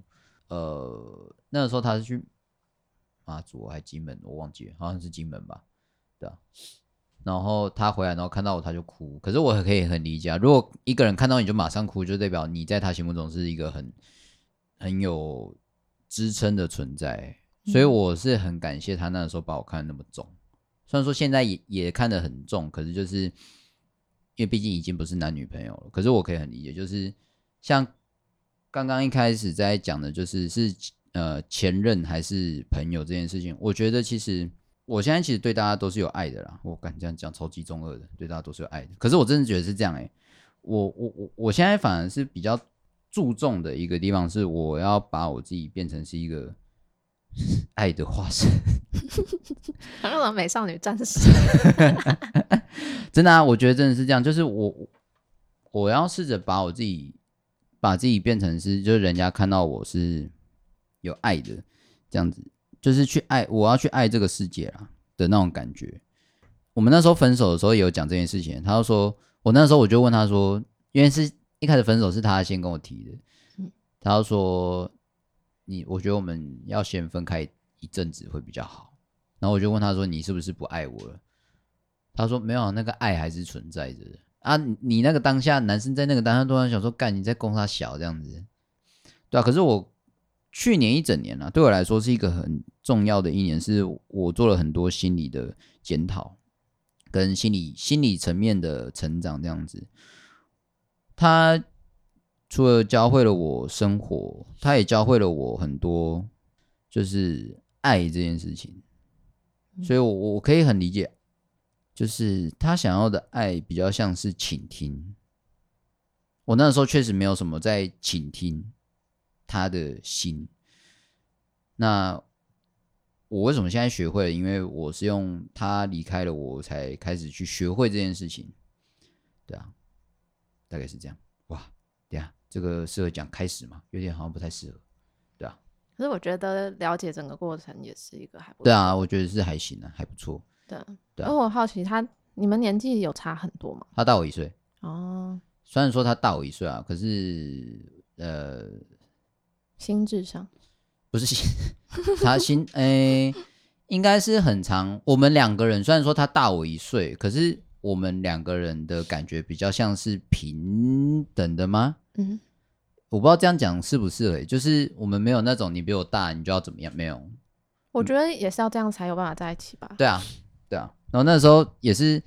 呃，那個時候他是去馬祖還是金門，我忘記了，好像是金門吧，對啊，然後他回來，然後看到我，他就哭，可是我也可以很理解啊，如果一個人看到你就馬上哭，就代表你在他心目中是一個很。很有支撐的存在，所以我是很感謝他那個時候把我看得那麼重。嗯、雖然說現在也也看得很重，可是就是因為畢竟已經不是男女朋友了。可是我可以很理解，就是像剛剛一開始在講的，就是是呃前任還是朋友這件事情。我覺得其實我現在其實對大家都是有愛的啦。我敢這樣講，超級中二的，對大家都是有愛的。可是我真的覺得是這樣哎、欸，我我我我現在反而是比較注重的一個地方是，我要把我自己變成是一個愛的化身，那 美少女戰士。真的，啊，我覺得真的是這樣，就是我我要試着把我自己把自己變成是，就是人家看到我是有愛的這樣子，就是去愛，我要去愛這個世界啦的那種感覺。我們那時候分手的時候也有講這件事情，他就說我那時候我就問他說，因為是。一開始分手是他先跟我提的，他說：“你我覺得我們要先分開一陣子會比較好。”然後我就問他說：“你是不是不愛我了？”他說：“沒有，那個愛還是存在着。”啊，你那個當下男生在那個當下突然想說：“幹你在供他小這樣子。”對啊，可是我去年一整年呢、啊，對我來說是一個很重要的一年，是我做了很多心理的檢討，跟心理心理層面的成長這樣子。他除了教會了我生活，他也教會了我很多，就是愛這件事情。所以我，我我可以很理解，就是他想要的愛比較像是傾聽。我那時候確實沒有什麼在傾聽他的心。那我為什麼現在學會了？因為我是用他離開了我才開始去學會這件事情。對啊。大概是這樣，哇，對啊，這個適合講開始嘛？有點好像不太適合，對啊，可是我覺得了解整個過程也是一個還不錯。對啊，我覺得是還行啊，還不錯。對，對啊，但我好奇他你們年紀有差很多嗎？他大我一歲哦，雖然說他大我一歲啊，可是呃，心智上不是心 他心哎，欸、 應該是很長。我們兩個人雖然說他大我一歲，可是。我們兩個人的感覺比較像是平等的嗎？嗯，我不知道這樣講是不是，就是我們沒有那種你比我大，你就要怎麼樣？沒有，我覺得也是要這樣才有辦法在一起吧。嗯。對啊，對啊。然後那時候也是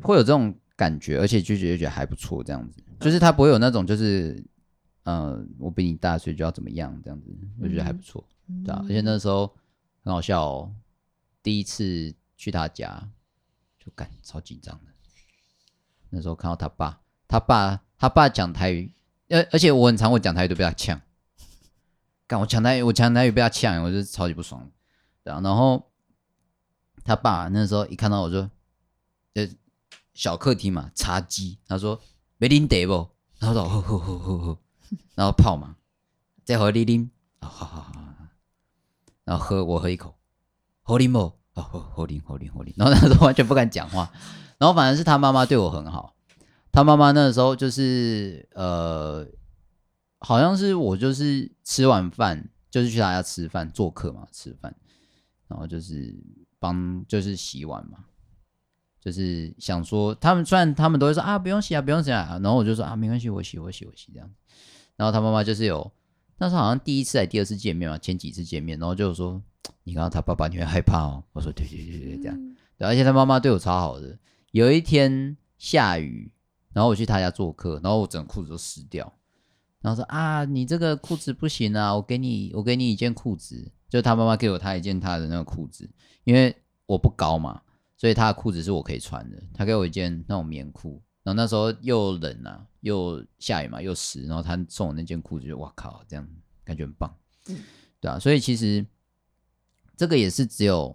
會有這種感覺，而且就覺得就覺得還不錯，這樣子。就是他不會有那種就是，嗯、呃，我比你大，所以就要怎麼樣這樣子，我覺得還不錯。嗯、對啊，而且那時候很好笑哦，第一次去他家。就感超緊張的，那時候看到他爸，他爸他爸講台語，而而且我很常我講台語都被他嗆，幹我講台語我講台語被他嗆、欸，我就超級不爽。然後然後他爸那時候一看到我說，小客廳嘛茶幾，他說沒拎得不，然後說吼吼吼吼吼，然後泡嘛再喝一拎，好好好，然後喝我喝一口，河里莫。哦，好靈，好靈，好靈。然後那時候完全不敢講話。 然後反正是他媽媽對我很好。他媽媽那個時候就是呃，好像是我就是吃完飯，就是去他家吃飯，做客嘛，吃飯。然後就是幫，就是洗碗嘛，就是想說他們雖然他們都會說啊，不用洗啊，不用洗啊。然後我就說啊，沒關係，我洗，我洗，我洗這樣。然後他媽媽就是有，那時候好像第一次還是第二次見面嘛，前幾次見面，然後就說。你看到他爸爸你會害怕哦？我說對對對對對，這樣，嗯對啊，而且他媽媽對我超好的。有一天下雨，然後我去他家做客，然後我整個褲子都濕掉，然後說啊，你這個褲子不行啊，我給你，我給你一件褲子，就是他媽媽給我他一件他的那個褲子，因為我不高嘛，所以他的褲子是我可以穿的。他給我一件那種棉褲，然後那時候又冷啊，又下雨嘛，又濕，然後他送我那件褲子就，就哇靠，這樣感覺很棒，嗯、對啊，所以其實。這個也是只有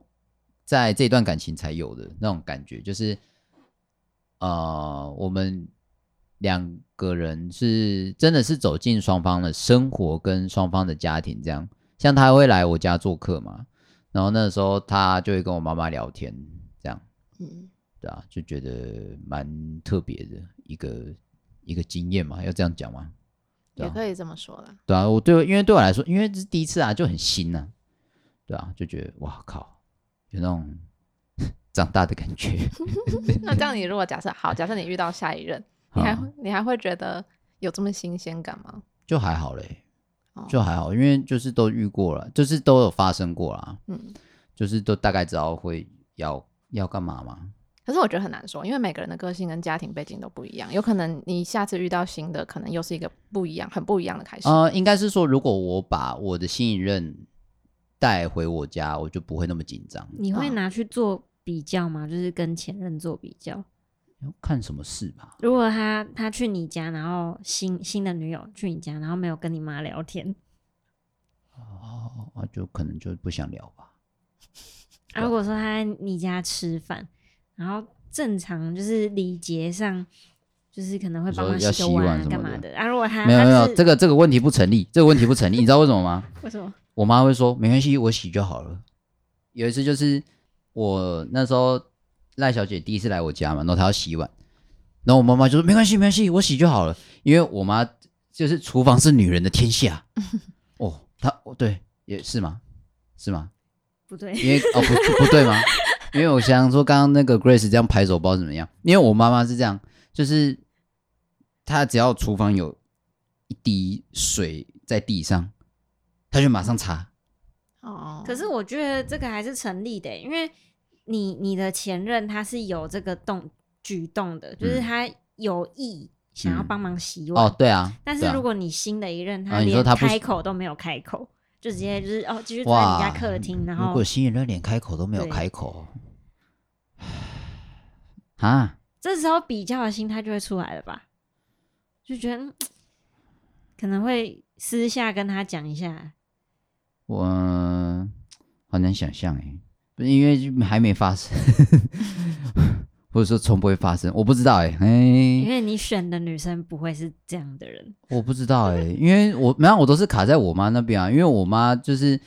在這段感情才有的那種感覺，就是，呃，我們兩個人是真的是走進雙方的生活跟雙方的家庭，這樣，像他會來我家做客嘛，然後那時候他就會跟我媽媽聊天，這樣，嗯，對啊，就覺得蠻特別的一個一個經驗嘛，要這樣講嘛，也可以這麼說啦。對啊，我對我，因為對我來說，因為這是第一次啊，就很新吶、啊。對啊，就覺得哇靠，有那種長大的感覺。 那這樣，你如果假設好，假設你遇到下一任，嗯、你還你還會覺得有這麼新鮮感嗎？就還好嘞，哦、就還好，因為就是都遇過了，就是都有發生過啦。嗯，就是都大概知道會要要幹嘛嘛。可是我覺得很難說，因為每個人的個性跟家庭背景都不一樣，有可能你下次遇到新的，可能又是一個不一樣、很不一樣的開始。呃，應該是說，如果我把我的新一任。帶回我家，我就不會那麼緊張。你會拿去做比較嗎？啊、就是跟前任做比較？看什麼事吧。如果他他去你家，然後新新的女友去你家，然後沒有跟你媽聊天，哦、啊，就可能就不想聊吧。啊、 如果說他在你家吃飯，然後正常就是禮節上，就是可能會幫他洗、啊、洗碗啊幹嘛的。啊，如果他沒有沒有是這個這個問題不成立，這個問題不成立， 你知道為什麼嗎？ 為什麼？我媽會說，沒關係，我洗就好了。有一次就是我那時候賴小姐第一次來我家嘛，然後她要洗碗，然後我媽媽就說，沒關係沒關係，我洗就好了。因為我媽就是廚房是女人的天下。嗯、哦，她哦，對也是嗎？是嗎？不對，因為哦不不，不對嗎？ 因為我想說剛剛那個 Grace 這樣拍手包怎麼樣？因為我媽媽是這樣，就是她只要廚房有一滴水在地上，他就馬上查哦，可是我覺得這個還是成立的。欸，因為你你的前任他是有這個動舉動的，嗯、就是他有意想要幫忙洗碗。嗯、哦，對啊。對啊。但是如果你新的一任他連開口都沒有開口，啊、就直接就是哦，繼續坐在你家客廳，哇然後如果新一任連開口都沒有開口，啊對，蛤這時候比較的心態就會出來了吧，就覺得可能會私下跟他講一下。我很難想象哎，不是因為還沒發生，或者說從不會發生，我不知道哎哎。欸、因為你選的女生不會是這樣的人，我不知道哎， 因為我沒有，我都是卡在我媽那邊啊。因為我媽就是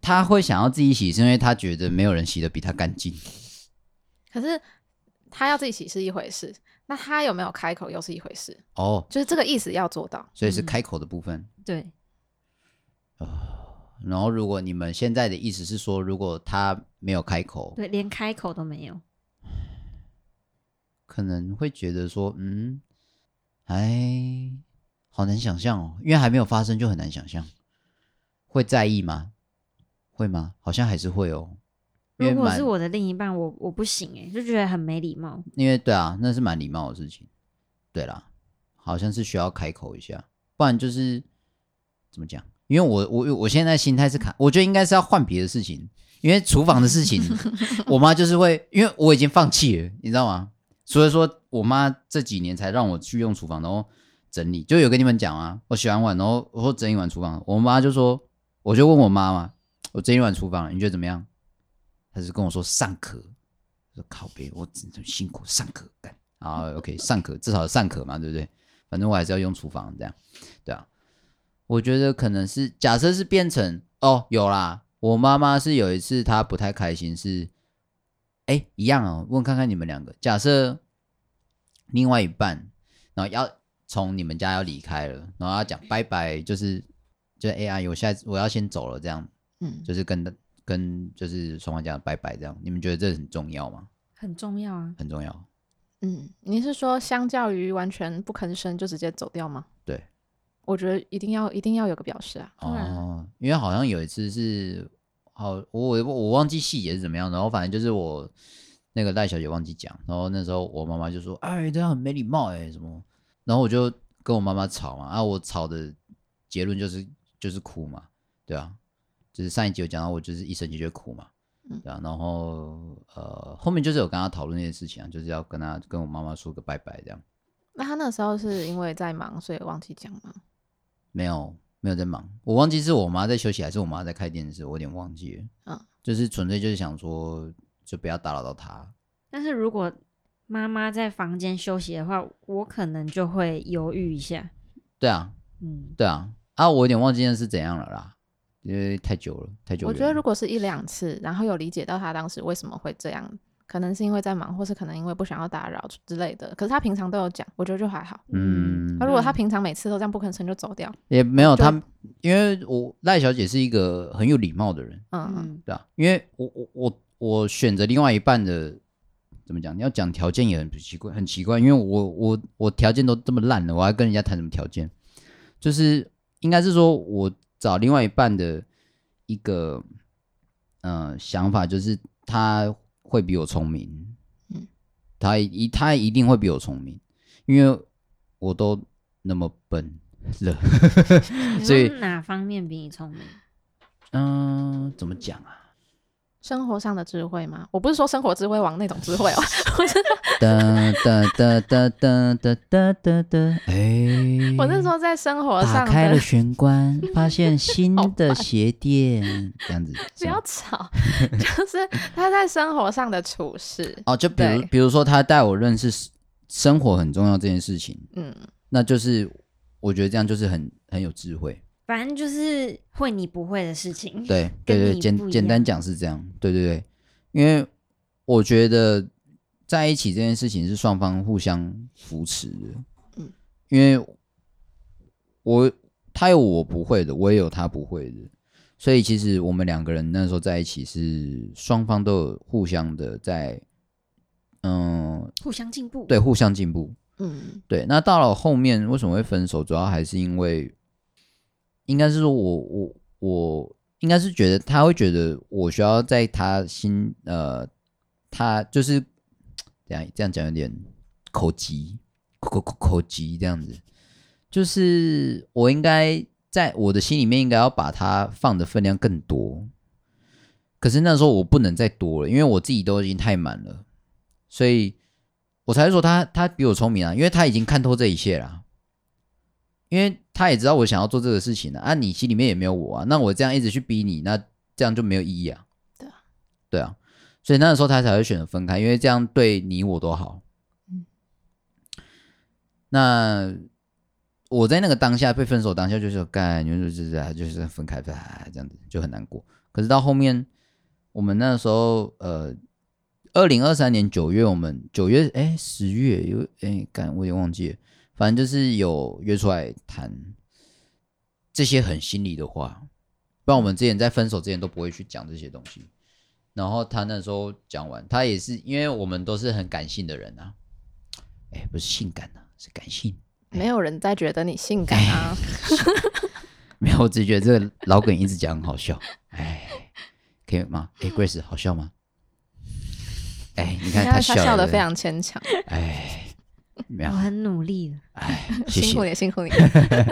她會想要自己洗，是因為她覺得沒有人洗得比她乾淨。可是她要自己洗是一回事，那她有沒有開口又是一回事。哦，就是這個意思，要做到，所以是開口的部分。嗯、對、呃然後，如果你們現在的意思是說，如果他沒有開口，對，連開口都沒有，可能會覺得說，嗯，哎，好難想象哦，因為還沒有發生，就很難想象。會在意嗎？會嗎？好像還是會哦。如果是我的另一半，我我不行哎、欸，就覺得很沒禮貌。因為對啊，那是蠻禮貌的事情。對啦，好像是需要開口一下，不然就是怎麼講？因為我我我現在心態是卡，我覺得應該是要換別的事情。因為廚房的事情，我媽就是會，因為我已經放棄了，你知道嗎？所以說，我媽這幾年才讓我去用廚房，然後整理。就有跟你們講啊，我洗完碗，然後我說整理完廚房，我媽就說，我就問我媽嘛，我整理完廚房，你覺得怎麼樣？她是跟我說尚可，我說靠別，我只能辛苦尚可幹啊，OK 尚可，至少尚可嘛，對不對？反正我還是要用廚房這樣，對啊。我覺得可能是假設是變成哦有啦，我媽媽是有一次她不太開心是，哎，一樣哦，問看看你們兩個假設另外一半，然後要從你們家要離開了，然後要講拜拜，就是就哎呀，我下次我要先走了這樣，嗯，就是跟跟就是雙方家人講拜拜這樣，你們覺得這很重要嗎？很重要啊，很重要。嗯，你是說相較於完全不吭聲就直接走掉嗎？我覺得一定要一定要有個表示啊！哦，哦，哦，因為好像有一次是好我我我忘記細節是怎麼樣的，然後反正就是我那個賴小姐忘記講，然後那時候我媽媽就說：“哎，這樣，啊，很沒禮貌，欸，哎，什麼？”然後我就跟我媽媽吵嘛，啊，我吵的結論就是就是哭嘛，對啊，就是上一集有講到，我就是一生氣就哭嘛，嗯，對啊，然後呃，後面就是有跟她討論那些事情啊，就是要跟她跟我媽媽說個拜拜這樣。那她那時候是因為在忙，所以忘記講嗎？沒有，沒有在忙。我忘記是我媽在休息，還是我媽在開電視，我有點忘記了。啊、哦，就是純粹就是想說，就不要打擾到她。但是如果媽媽在房間休息的話，我可能就會猶豫一下。對啊，嗯，對啊。啊，我有點忘記那是怎樣了啦，因為太久了，太久了。我覺得如果是一兩次，然後有理解到她當時為什麼會這樣。可能是因為在忙，或是可能因為不想要打擾之類的。可是他平常都有講，我覺得就還好。嗯，那如果他平常每次都這樣不吭聲就走掉，也沒有就他。因為我賴小姐是一個很有禮貌的人。嗯嗯哼，對啊。因為我我我我選擇另外一半的怎麼講？你要講條件也很奇怪，很奇怪。因為我我我條件都這麼爛了，我還跟人家談什麼條件？就是應該是說我找另外一半的一個嗯、呃、想法，就是他。會比我聰明，嗯，他一他一定會比我聰明，因為我都那麼笨了，所 以 哪方面比你聰明？嗯、呃，怎麼講啊？生活上的智慧嗎？我不是說生活智慧王那種智慧哦，欸，我是說，噠噠噠噠噠噠噠噠，我是說在生活上打開了玄關，發現新的鞋墊， 好壞 這樣子。不要吵，就是他在生活上的處事。 哦，就比如，對比如說他帶我認識生活很重要這件事情，嗯，那就是我覺得這樣就是很很有智慧。反正就是會你不會的事情，對對對，簡簡單講是這樣，對對對，因為我覺得在一起這件事情是雙方互相扶持的，嗯，因為我他有我不會的，我也有他不會的，所以其實我們兩個人那時候在一起是雙方都有互相的在，嗯、呃，互相進步，對，互相進步，嗯，對，那到了後面為什麼會分手，主要還是因為。應該是說我我我應該是覺得他會覺得我需要在他心呃，他就是這樣這樣講有點口急口口口急這樣子，就是我應該在我的心裡面應該要把它放的分量更多，可是那時候我不能再多了，因為我自己都已經太滿了，所以我才會說他他比我聰明啊，因為他已經看透這一切了，因為。他也知道我想要做這個事情了啊！啊你心裡面也沒有我啊，那我這樣一直去逼你，那這樣就沒有意義啊。對啊，對啊，所以那個時候他才會選擇分開，因為這樣對你我都好。嗯。那我在那個當下被分手，當下就是幹，就是就是，就是分開，啪、啊，這樣子就很難過。可是到後面，我們那個時候，呃，二零二三年九月，月，我們九月，哎、欸，十月有，哎、欸，幹，我也忘記了。反正就是有約出來談這些很心裡的話，不然我們之前在分手之前都不會去講這些東西。然後他那時候講完，他也是因為我們都是很感性的人啊。哎、欸，不是性感啊，是感性。欸、沒有人在覺得你性感啊。欸、沒有，我只覺得這個老梗一直講很好笑。哎、欸，可以嗎？哎、欸，Grace，好笑嗎？哎、欸，你看他，他笑得非常牽強。哎、欸。我很努力的，哎，辛苦你，辛苦你。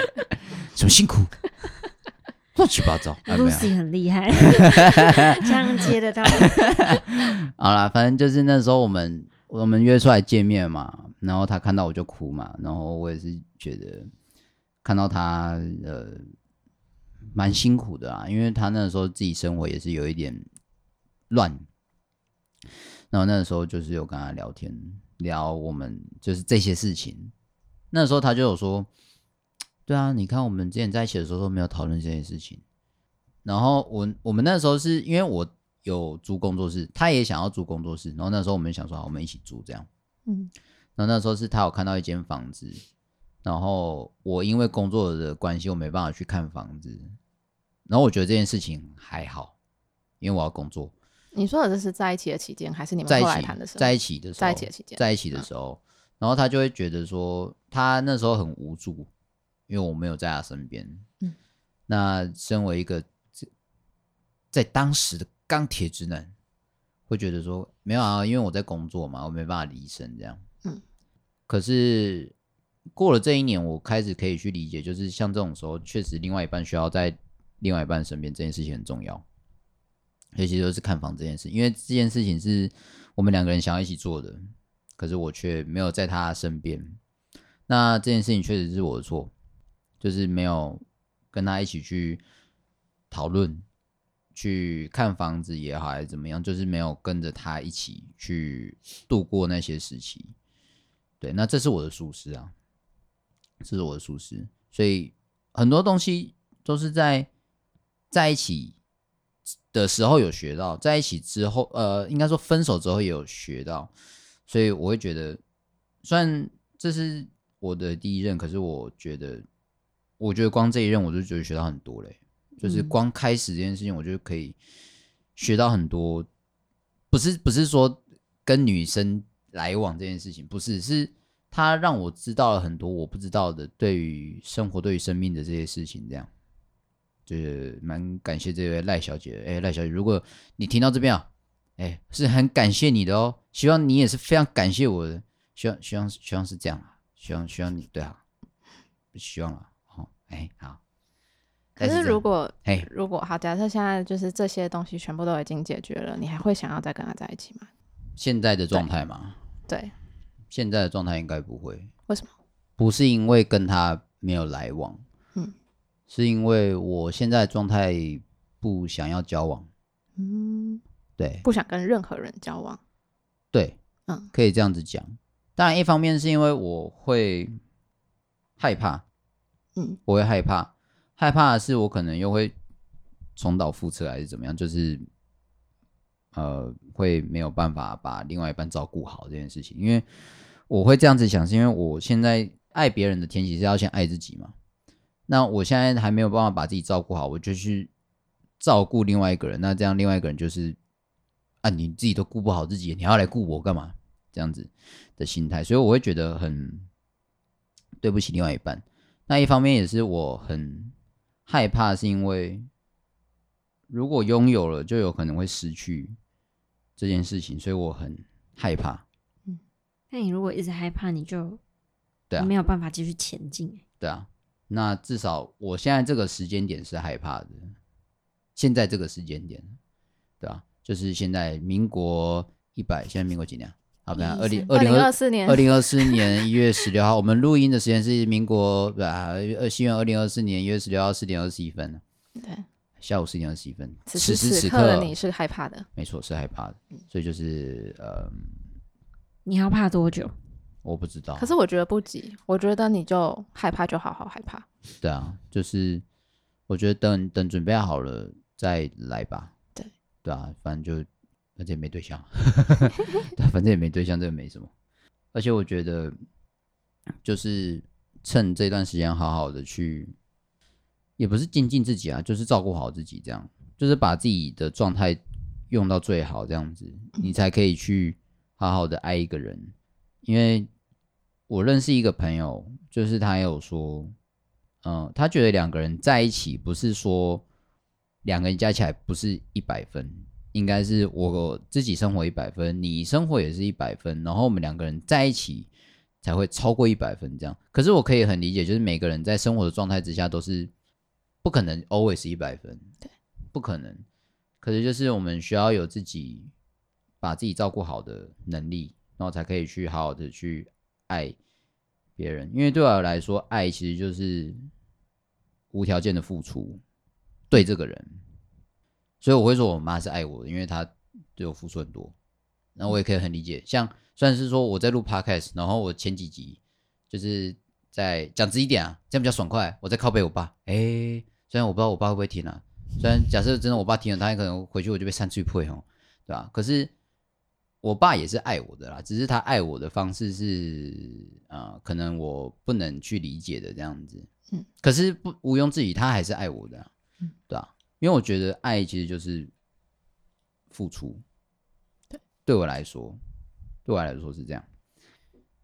什麼辛苦？亂 七八糟。Lucy 很厲害， 這樣接得到。 好了，反正就是那時候我們我們約出來見面嘛，然後他看到我就哭嘛，然後我也是覺得看到他呃蠻辛苦的啊，因為他那時候自己生活也是有一點亂，然後那時候就是有跟他聊天。聊我們就是這些事情，那時候他就有說，對啊，你看我們之前在一起的時候都沒有討論這些事情，然後我我們那時候是因為我有租工作室，他也想要租工作室，然後那時候我們想說好，我們一起租這樣，嗯，然後那時候是他有看到一間房子，然後我因為工作的關係，我沒辦法去看房子，然後我覺得這件事情還好，因為我要工作。你說的這是，在一起的期間，還是你們後來談的時候在？在一起的時候，在一，在一起的時候，啊，然後他就會覺得說，他那時候很無助，因為我沒有在他身邊。嗯，那身為一個在，在當時的鋼鐵直男，會覺得說，沒有啊，因為我在工作嘛，我沒辦法離身這樣。嗯，可是過了這一年，我開始可以去理解，就是像這種時候，確實另外一半需要在另外一半身邊，這件事情很重要。尤其是看房這件事，因為這件事情是我們兩個人想要一起做的，可是我卻沒有在他身邊。那這件事情確實是我的錯，就是沒有跟他一起去討論、去看房子也好，還是怎麼樣，就是沒有跟着他一起去度過那些時期。對，那這是我的疏失啊，這是我的疏失。所以很多東西都是在在一起。的時候有學到，在一起之後，呃，應該說分手之後也有學到，所以我會覺得，雖然這是我的第一任，可是我覺得，我覺得光這一任我就覺得學到很多嘞、欸，就是光開始這件事情，我就可以學到很多，嗯、不是不是說跟女生來往這件事情，不是，是她讓我知道了很多我不知道的，對於生活、對於生命的這些事情，這樣。就是蠻感謝這位賴小姐，哎，賴小姐，如果你，你聽到這邊啊，哎，是很感謝你的哦，希望你也是非常感謝我的，希望希望希望是這樣啊，希望希望你對啊，希望了哦，哦，哎，好，可是如果哎如果好，假設現在就是這些東西全部都已經解決了，你還會想要再跟他在一起嗎？現在的狀態嗎？對，現在的狀態應該不會。為什麼？不是因為跟他沒有來往，嗯。是因為我現在狀態不想要交往，嗯，對，不想跟任何人交往，對，嗯，可以這樣子講。當然，一方面是因為我會害怕，嗯，我會害怕，害怕的是我可能又會重蹈覆轍，還是怎麼樣？就是呃，會沒有辦法把另外一半照顧好這件事情。因為我會這樣子想，是因為我現在愛別人的前提是要先愛自己嘛。那我現在還沒有辦法把自己照顧好，我就去照顧另外一個人。那這樣，另外一個人就是啊，你自己都顧不好自己，你要來顧我幹嘛？這樣子的心態，所以我會覺得很對不起另外一半。那一方面也是我很害怕，是因為如果擁有了，就有可能會失去這件事情，所以我很害怕。嗯，那你如果一直害怕，你就對啊，你沒有辦法繼續前進欸。對啊。那至少我現在這個時間點是害怕的。現在這個時間點，對吧？就是現在民國一百，現在民國幾年？好，不好，二零二零二四年，二零二四年一月十六號， 我們錄音的時間是民國對啊，二西元二零二四年一月十六號四點二十一分對，下午四點二十一分。此時此刻，此刻你是害怕的，沒錯，是害怕的。嗯、所以就是嗯、呃、你要怕多久？我不知道，可是我覺得不急，我覺得你就害怕就好好害怕。對啊，就是我覺得等等準備好了再來吧。對，對啊，反正就而且沒對象 對，反正也沒對象，這個沒什麼。而且我覺得就是趁這段時間好好的去，也不是精進自己啊，就是照顧好自己，這樣就是把自己的狀態用到最好，這樣子你才可以去好好的愛一個人。嗯因為我認識一個朋友，就是他有說，嗯，他覺得兩個人在一起不是說兩個人加起來不是一百分，應該是我自己生活一百分，你生活也是一百分，然後我們兩個人在一起才會超過一百分這樣。可是我可以很理解，就是每個人在生活的狀態之下都是不可能 always 一百分，對，不可能。可是就是我們需要有自己把自己照顧好的能力。然後才可以去好好的去愛別人，因為對我來說，愛其實就是無條件的付出，對這個人。所以我會說，我媽是愛我的，因為她對我付出很多。那我也可以很理解，像雖然是說我在錄 podcast，然後我前幾集就是在講直一點啊，這樣比較爽快。我在靠北我爸，哎，雖然我不知道我爸會不會聽啊，雖然假設真的我爸聽了，他也可能回去我就被刪除配哦，對吧，啊？可是。我爸也是愛我的啦，只是他愛我的方式是，呃，可能我不能去理解的這樣子。嗯，可是不毋庸置疑，他還是愛我的。嗯，對啊，因為我覺得愛其實就是付出。對，對我來說，對我來說是這樣。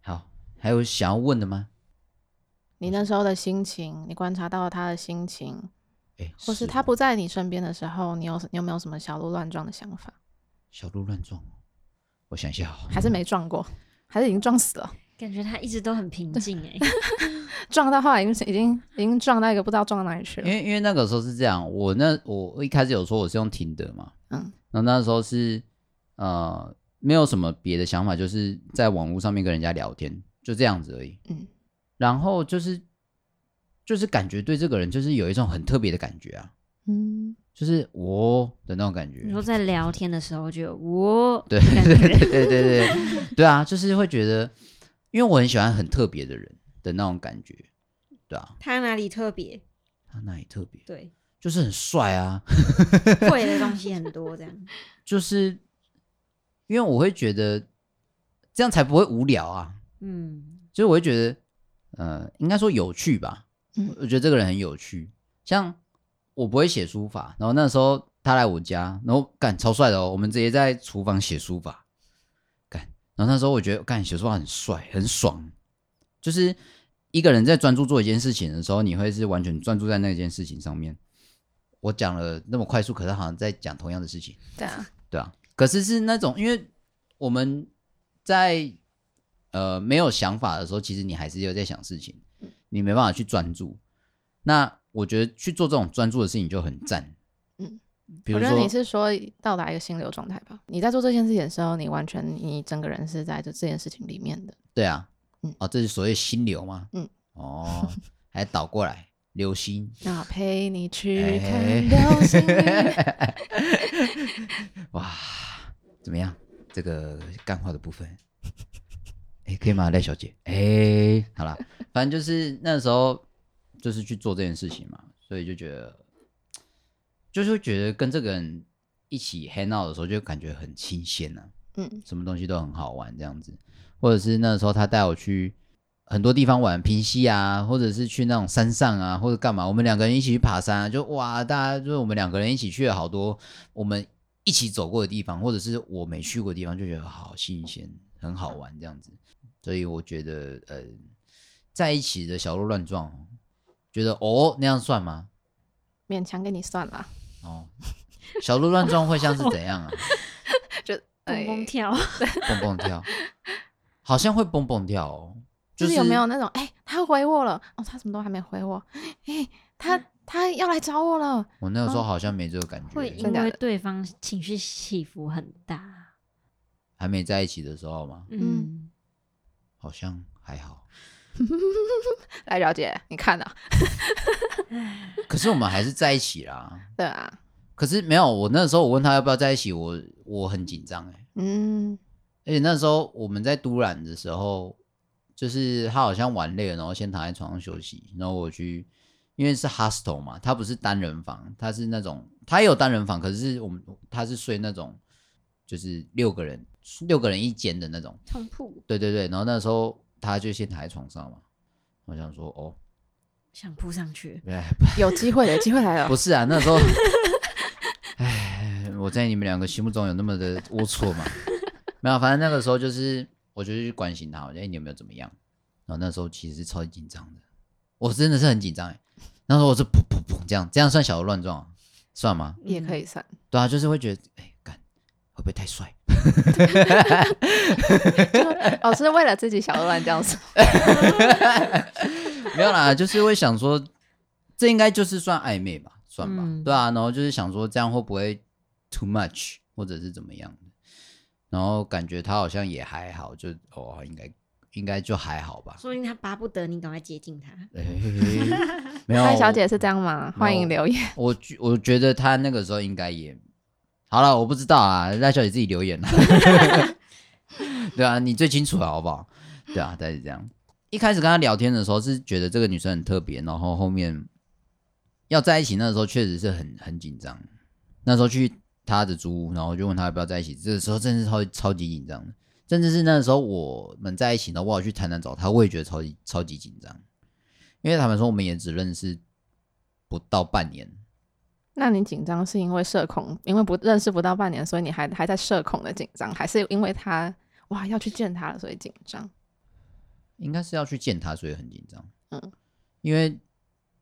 好，還有想要問的嗎？你那時候的心情，你觀察到了他的心情？欸，是我？或是他不在你身邊的時候，你有你有沒有什麼小鹿亂撞的想法？小鹿亂撞。我想一想，嗯、還是沒撞過，還是已經撞死了。感覺他一直都很平靜哎、欸， 撞到後來已經已經已經撞到一個不知道撞到哪裡去了。因為因為那個時候是這樣，我那我一開始有說我是用 Tinder 嘛，嗯，然後那時候是呃沒有什麼別的想法，就是在網路上面跟人家聊天，就這樣子而已，嗯。然後就是就是感覺對這個人就是有一種很特別的感覺啊，嗯。就是我、哦、的那種感覺。你說在聊天的時候就我。哦、對對對對對對， 對啊，就是會覺得，因為我很喜歡很特別的人的那種感覺。對啊。他哪裡特別？他哪裡特別？對，就是很帥啊， 會的東西很多，這樣。就是因為我會覺得這樣才不會無聊啊。嗯。就是我會覺得，呃，應該說有趣吧。嗯、我覺得這個人很有趣，像。我不會寫書法，然後那時候他來我家，然後幹超帥的哦，我們直接在廚房寫書法，幹，然後那時候我覺得幹寫書法很帥很爽，就是一個人在專注做一件事情的時候，你會是完全專注在那件事情上面。我講了那麼快速，可是好像在講同樣的事情，對啊，對啊，可是是那種因為我們在呃沒有想法的時候，其實你還是有在想事情，你沒辦法去專注那。我覺得去做這種專注的事情就很贊，嗯，比如說我覺得你是說到達一個心流狀態吧？你在做這件事情的時候，你完全你整個人是在這這件事情裡面的。對啊，嗯，哦，這是所謂心流嗎？嗯，哦， 還倒過來，流星，那陪你去看流星。欸欸 哇，怎麼樣？這個幹話的部分，哎、欸，可以嗎，賴小姐？哎、欸，好啦，反正就是那時候。就是去做這件事情嘛，所以就覺得，就是覺得跟這個人一起 hang out 的時候，就感覺很新鮮啊。嗯，什麼東西都很好玩，這樣子。或者是那個時候他帶我去很多地方玩，平溪啊，或者是去那種山上啊，或者幹嘛，我們兩個人一起去爬山啊，就哇，大家就是我們兩個人一起去了好多我們一起走過的地方，或者是我沒去過的地方，就覺得好新鮮，很好玩，這樣子。所以我覺得，呃，在一起的小鹿亂撞。覺得哦，那樣算嗎？勉強給你算了。哦，小鹿亂撞會像是怎樣啊？ 就唉，蹦蹦跳，對，蹦蹦跳，好像會蹦蹦跳，哦。就是、就是有沒有那種，哎、欸，他回我了，哦，他怎麼都還沒回我，哎、欸，他、嗯、他要來找我了。我那個時候好像沒這個感覺，嗯、會因為對方情緒起伏很大。還沒在一起的時候嗎？嗯，好像還好。來 了解，你看啊。 可是我們還是在一起啦。對啊。可是沒有，我那時候我問他要不要在一起，我我很緊張哎。嗯。而且那時候我們在都蘭的時候，就是他好像玩累了，然後先躺在床上休息，然後我去，因為是 hostel 嘛，他不是單人房，他是那種他也有單人房，可是我們他是睡那種就是六個人六個人一間的那種床鋪。鋪對對對，然後那時候。他就先躺在床上嘛，我想說哦，想撲上去， 有機會有機會來了。不是啊，那時候，哎， 我在你們兩個心目中有那麼的齷齪嗎？ 沒有，反正那個時候就是，我就去關心他，我覺得、欸、你有沒有怎麼樣？然後那時候其實是超級緊張的，我真的是很緊張。那時候我是砰砰砰這樣，這樣算小的亂撞算嗎？也可以算。對啊，就是會覺得哎。欸會不會太帥？老 師、 哦、為了自己小鹿亂這樣子沒有啦，就是會想說，這應該就是算曖昧吧，算吧，嗯、對啊，然後就是想說，這樣會不會 too much，或者是怎麼樣？然後感覺他好像也還好，就哦，應該應該就還好吧。說不定他巴不得你趕快接近他。欸、嘿嘿沒有， 我小姐是這樣嗎？歡迎留言。我我覺得他那個時候應該也。好了，我不知道啊，賴小姐自己留言了。 對啊，你最清楚了，好不好？對啊，但是這樣，一開始跟他聊天的時候是覺得這個女生很特別，然後後面要在一起那時候確實是很很緊張。那時候去他的租屋，然後就問他要不要在一起，這個時候真的是超超級緊張，甚至是那時候我們在一起呢，然後我好去台南找他，我也覺得超級超級緊張，因為坦白說我們也只認識不到半年。那你緊張是因為社恐，因為不認識不到半年，所以你還還在社恐的緊張，還是因為他哇要去見他了，所以緊張？應該是要去見他，所以很緊張。嗯，因為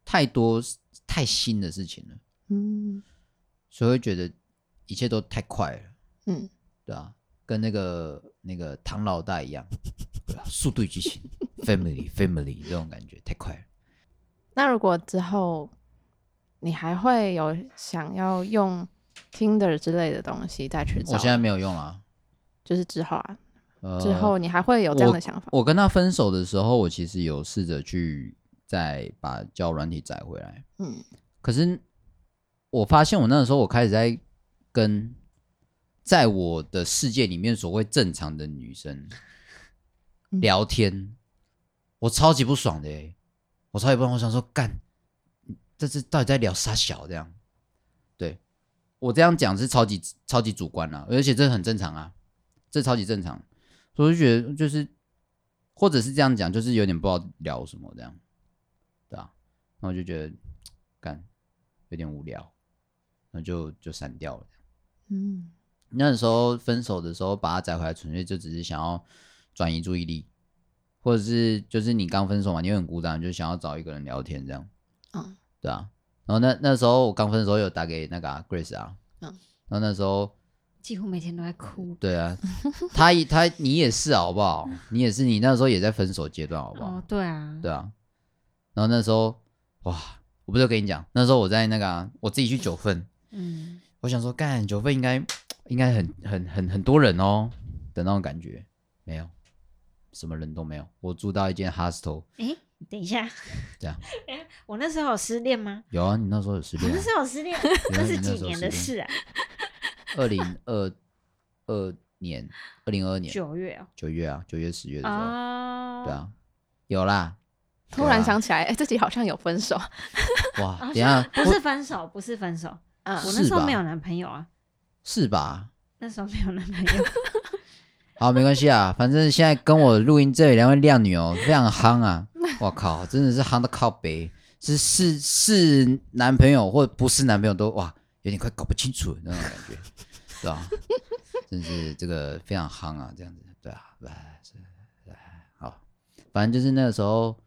太多太新的事情了，嗯，所以覺得一切都太快了。嗯，對啊，跟那個那個唐老大一樣， 速度與激情 ，family family 這種感覺太快了。那如果之後？你還會有想要用 Tinder 之類的東西再去找？我現在沒有用啊，就是之後啊，呃、之後你還會有這樣的想法我。我跟他分手的時候，我其實有試着去再把交友軟體載回來。嗯，可是我發現我那個時候，我開始在跟在我的世界裡面所謂正常的女生聊天，嗯、我超級不爽的、欸，我超級不爽，我想說幹。幹這是到底在聊啥小這樣，對我這樣講是超級超級主觀啦、啊，而且這很正常啊，這超級正常。所以我就覺得就是，或者是這樣講，就是有點不知道聊什麼這樣，對啊。然後就覺得幹有點無聊，那就就刪掉了。嗯，那時候分手的時候把他載回來，純粹就只是想要轉移注意力，或者是就是你剛分手嘛，你很孤單，你就想要找一個人聊天這樣。嗯、哦。對啊，然後那那時候我剛分手，有打給那個啊 Grace 啊。嗯。然後那時候幾乎每天都在哭。對啊， 他他你也是啊好不好？ 你也是，你那時候也在分手階段好不好？哦，對啊，對啊。然後那時候哇，我不是跟你講，那時候我在那個、啊、我自己去九份。嗯。我想說，幹九份應該應該很很很很多人哦的那種感覺，沒有什麼人都沒有，我住到一間 hostel。誒？等一下，對啊，哎，我那時候有失戀嗎？有啊，你那時候有失戀？我那時候有失戀，那是幾年的事啊？二零二二年，二零二二年九月啊，九月啊，九月十月的時候，對啊，有啦，突然想起來哎，自己好像有分手，哇，等一下，不是分手，不是分手，我那時候沒有男朋友啊，是吧？那時候沒有男朋友，好，沒關係啊，反正現在跟我錄音這裡兩位靚女哦，非常夯啊。哇靠，真的是夯的靠北，是是是男朋友或不是男朋友都，哇，有點快搞不清楚那種感覺，是吧？啊？真的是這個非常夯啊，這樣子，對啊，來來，來好，反正就是那個時候，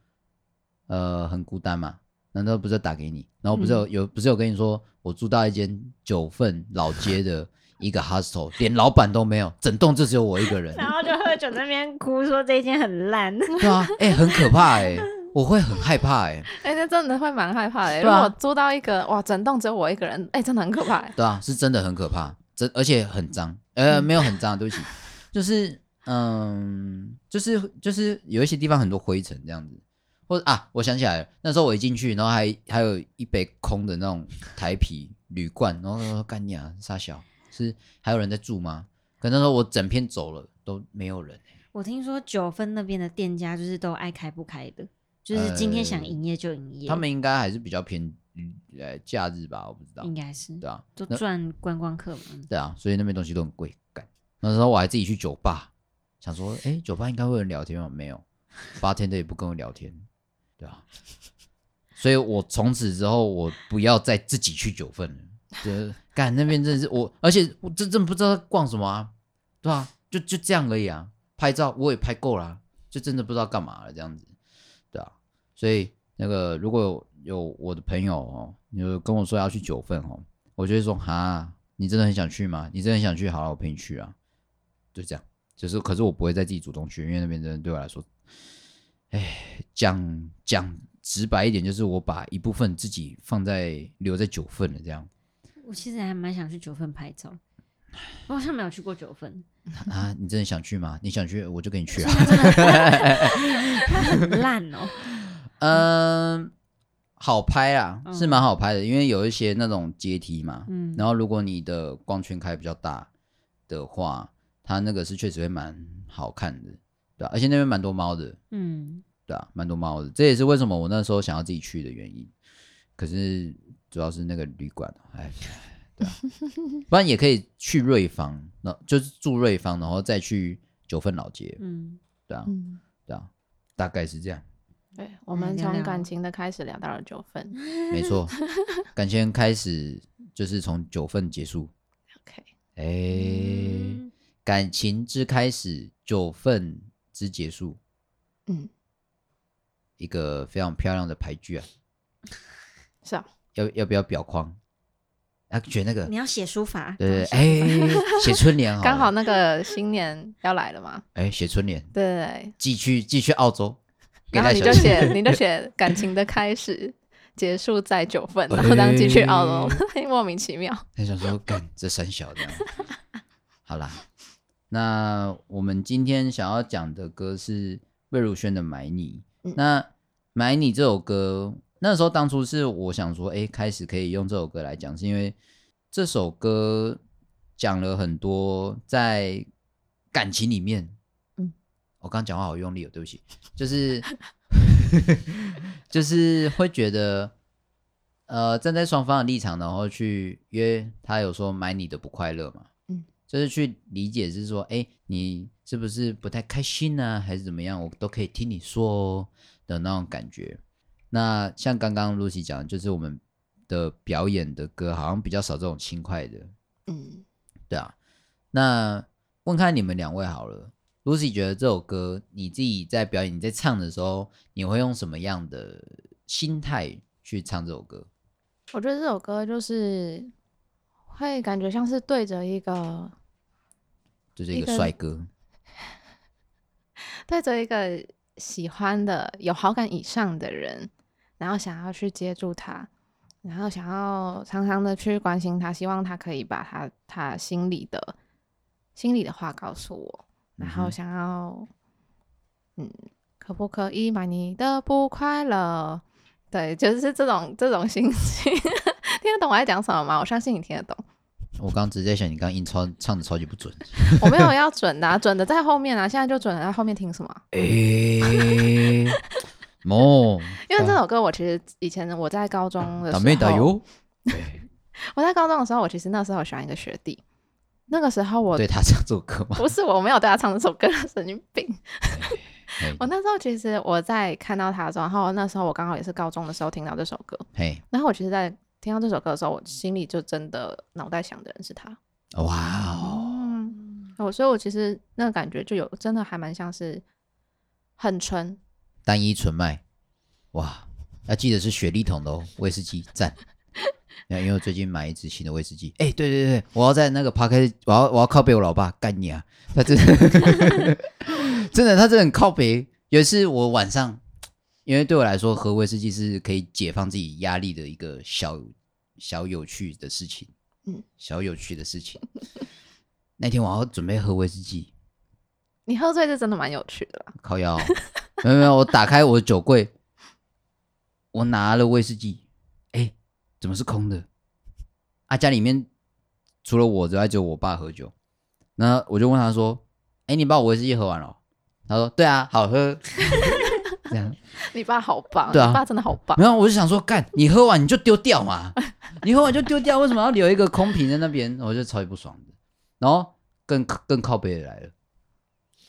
呃，很孤單嘛，難道不是要打給你。然後不是有、嗯、有不是有跟你說我住到一間九份老街的？一個 hostel 連老闆都沒有，整棟就只有我一個人， 然後就喝酒在那邊哭說這一間很爛。 對啊，哎、欸，很可怕哎、欸，我會很害怕哎、欸，哎、欸，那真的會蠻害怕的、欸。啊、如果租到一個哇，整棟只有我一個人，哎、欸，真的很可怕、欸。對啊，是真的很可怕，而且很髒。 呃，沒有很髒，對不起， 就是嗯，就是就是有一些地方很多灰塵這樣子，或者啊，我想起來了，那時候我一進去，然後還還有一杯空的那種台啤鋁罐，然後說幹娘，啥、啊、小。是還有人在住嗎？可那時候我整片走了都沒有人、欸。我聽說九份那邊的店家就是都愛開不開的，呃、就是今天想營業就營業。他們應該還是比較偏呃假日吧，我不知道。應該是。對啊，都賺觀光客嘛。對啊，所以那邊東西都很貴。幹，那時候我還自己去酒吧，想說哎、欸，酒吧應該會有人聊天嗎？沒有，八天的也不跟我聊天，對啊，所以我從此之後我不要再自己去九份了。就，幹 那邊真的是我，而且我真正不知道逛什麼啊，對啊，就就這樣而已啊，拍照我也拍夠了啊，就真的不知道幹嘛了這樣子，對啊，所以那個如果有，有我的朋友哦，有跟我說要去九份哦，我就會說哈，你真的很想去嗎？你真的很想去，好了，我陪你去啊，就這樣，就是可是我不會再自己主動去，因為那邊真的對我來說，哎，講講直白一點，就是我把一部分自己放在留在九份了這樣。我其實還蠻想去九份拍照，我好像沒有去過九份啊！你真的想去嗎？你想去我就跟你去啊！它 很爛哦、喔。嗯，好拍啊，是蠻好拍的，嗯、因為有一些那種階梯嘛。然後，如果你的光圈開比較大的話，它那個是確實會蠻好看的，對、啊、而且那邊蠻多貓的，嗯，對啊，蠻多貓的。這也是為什麼我那時候想要自己去的原因。可是。主要是那個旅館，哎，對啊， 不然也可以去瑞芳，那就是住瑞芳，然後再去九份老街，嗯，對啊，嗯、對啊，大概是這樣。對我們從感情的開始聊到了九份， 沒錯，感情開始就是從九份結束。OK，哎，感情之開始，九份之結束，嗯，一個非常漂亮的牌局啊， 是啊。要要不要裱框？啊，選那個？你要寫書法？對，哎，寫春聯，剛好那個新年要來了嘛。哎，寫春聯。對，寄去寄去澳洲，然後，你就寫你就寫感情的開始，結束在九份，然後當寄去澳洲，莫名其妙。他想說，幹這三小這樣。好啦，那我們今天想要講的歌是魏如萱的《買你》。那《買你》這首歌。那時候當初是我想說，欸，開始可以用這首歌來講，是因為這首歌講了很多在感情裡面。嗯。我剛講話好用力哦，對不起，就是 就是會覺得，呃，站在雙方的立場，然後去約他，有說買你的不快樂嘛？嗯，就是去理解，是說，欸，你是不是不太開心啊？還是怎麼樣？我都可以聽你說哦的那種感覺。那像剛剛 Lucy 講，就是我們的表演的歌好像比較少這種輕快的，嗯，對啊。那問看你們兩位好了，Lucy 覺得這首歌你自己在表演、你在唱的時候，你會用什麼樣的心態去唱這首歌？我覺得這首歌就是會感覺像是對着一,一個，就是一個帥哥，對着一個喜歡的、有好感以上的人。然後想要去接住他，然後想要常常的去關心他，希望他可以把他他心裡的，心裡的話告訴我。然後想要，嗯，哼嗯，可不可以買你的不快樂？對，就是這種這種心情， 聽得懂我在講什麼嗎？我相信你聽得懂。我剛剛直接想，你剛剛 intro 唱的超級不準。 我沒有要準的、啊，準的在後面啊，現在就準的在後面聽什麼？誒、欸。 哦，因為這首歌，我其實以前我在高中的時候， 我在高中的時候，我其實那時候喜歡一個學弟，那個時候我對他唱這首歌嗎？不是我，我沒有對他唱這首歌，神經病！ 我那時候其實我在看到他然後，那時候我剛好也是高中的時候聽到這首歌，嘿，然後我其實，在聽到這首歌的時候，我心裡就真的腦袋想的人是他。哇、嗯、哦，我所以，我其實那個感覺就有真的還蠻像是很純。單一純麥哇！要記得是雪莉桶的、哦、威士忌，讚！ 因為我最近買一支新的威士忌。哎、欸，對對對，我要在那個趴開、er,，我要我要靠北我老爸幹你啊！他真的， 真的，他真的很靠北。有一次我晚上，因為對我來說喝威士忌是可以解放自己壓力的一個小小有趣的事情，嗯，小有趣的事情。事情嗯、那天我要準備喝威士忌，你喝醉是真的蠻有趣的啦、啊，靠腰、哦。沒有 沒有，我打開我的酒櫃，我拿了威士忌，哎，怎麼是空的？啊，家裡面除了我之外只有我爸喝酒，然後我就問他說：“哎，你把我威士忌喝完了哦？”他說：“對啊，好喝。 這樣”你爸好棒，對、啊，你爸真的好棒。沒有，我就想說，幹，你喝完你就丟掉嘛， 你喝完就丟掉，為什麼要留一個空瓶在那邊？我就超級不爽的，然後更更靠北的來了。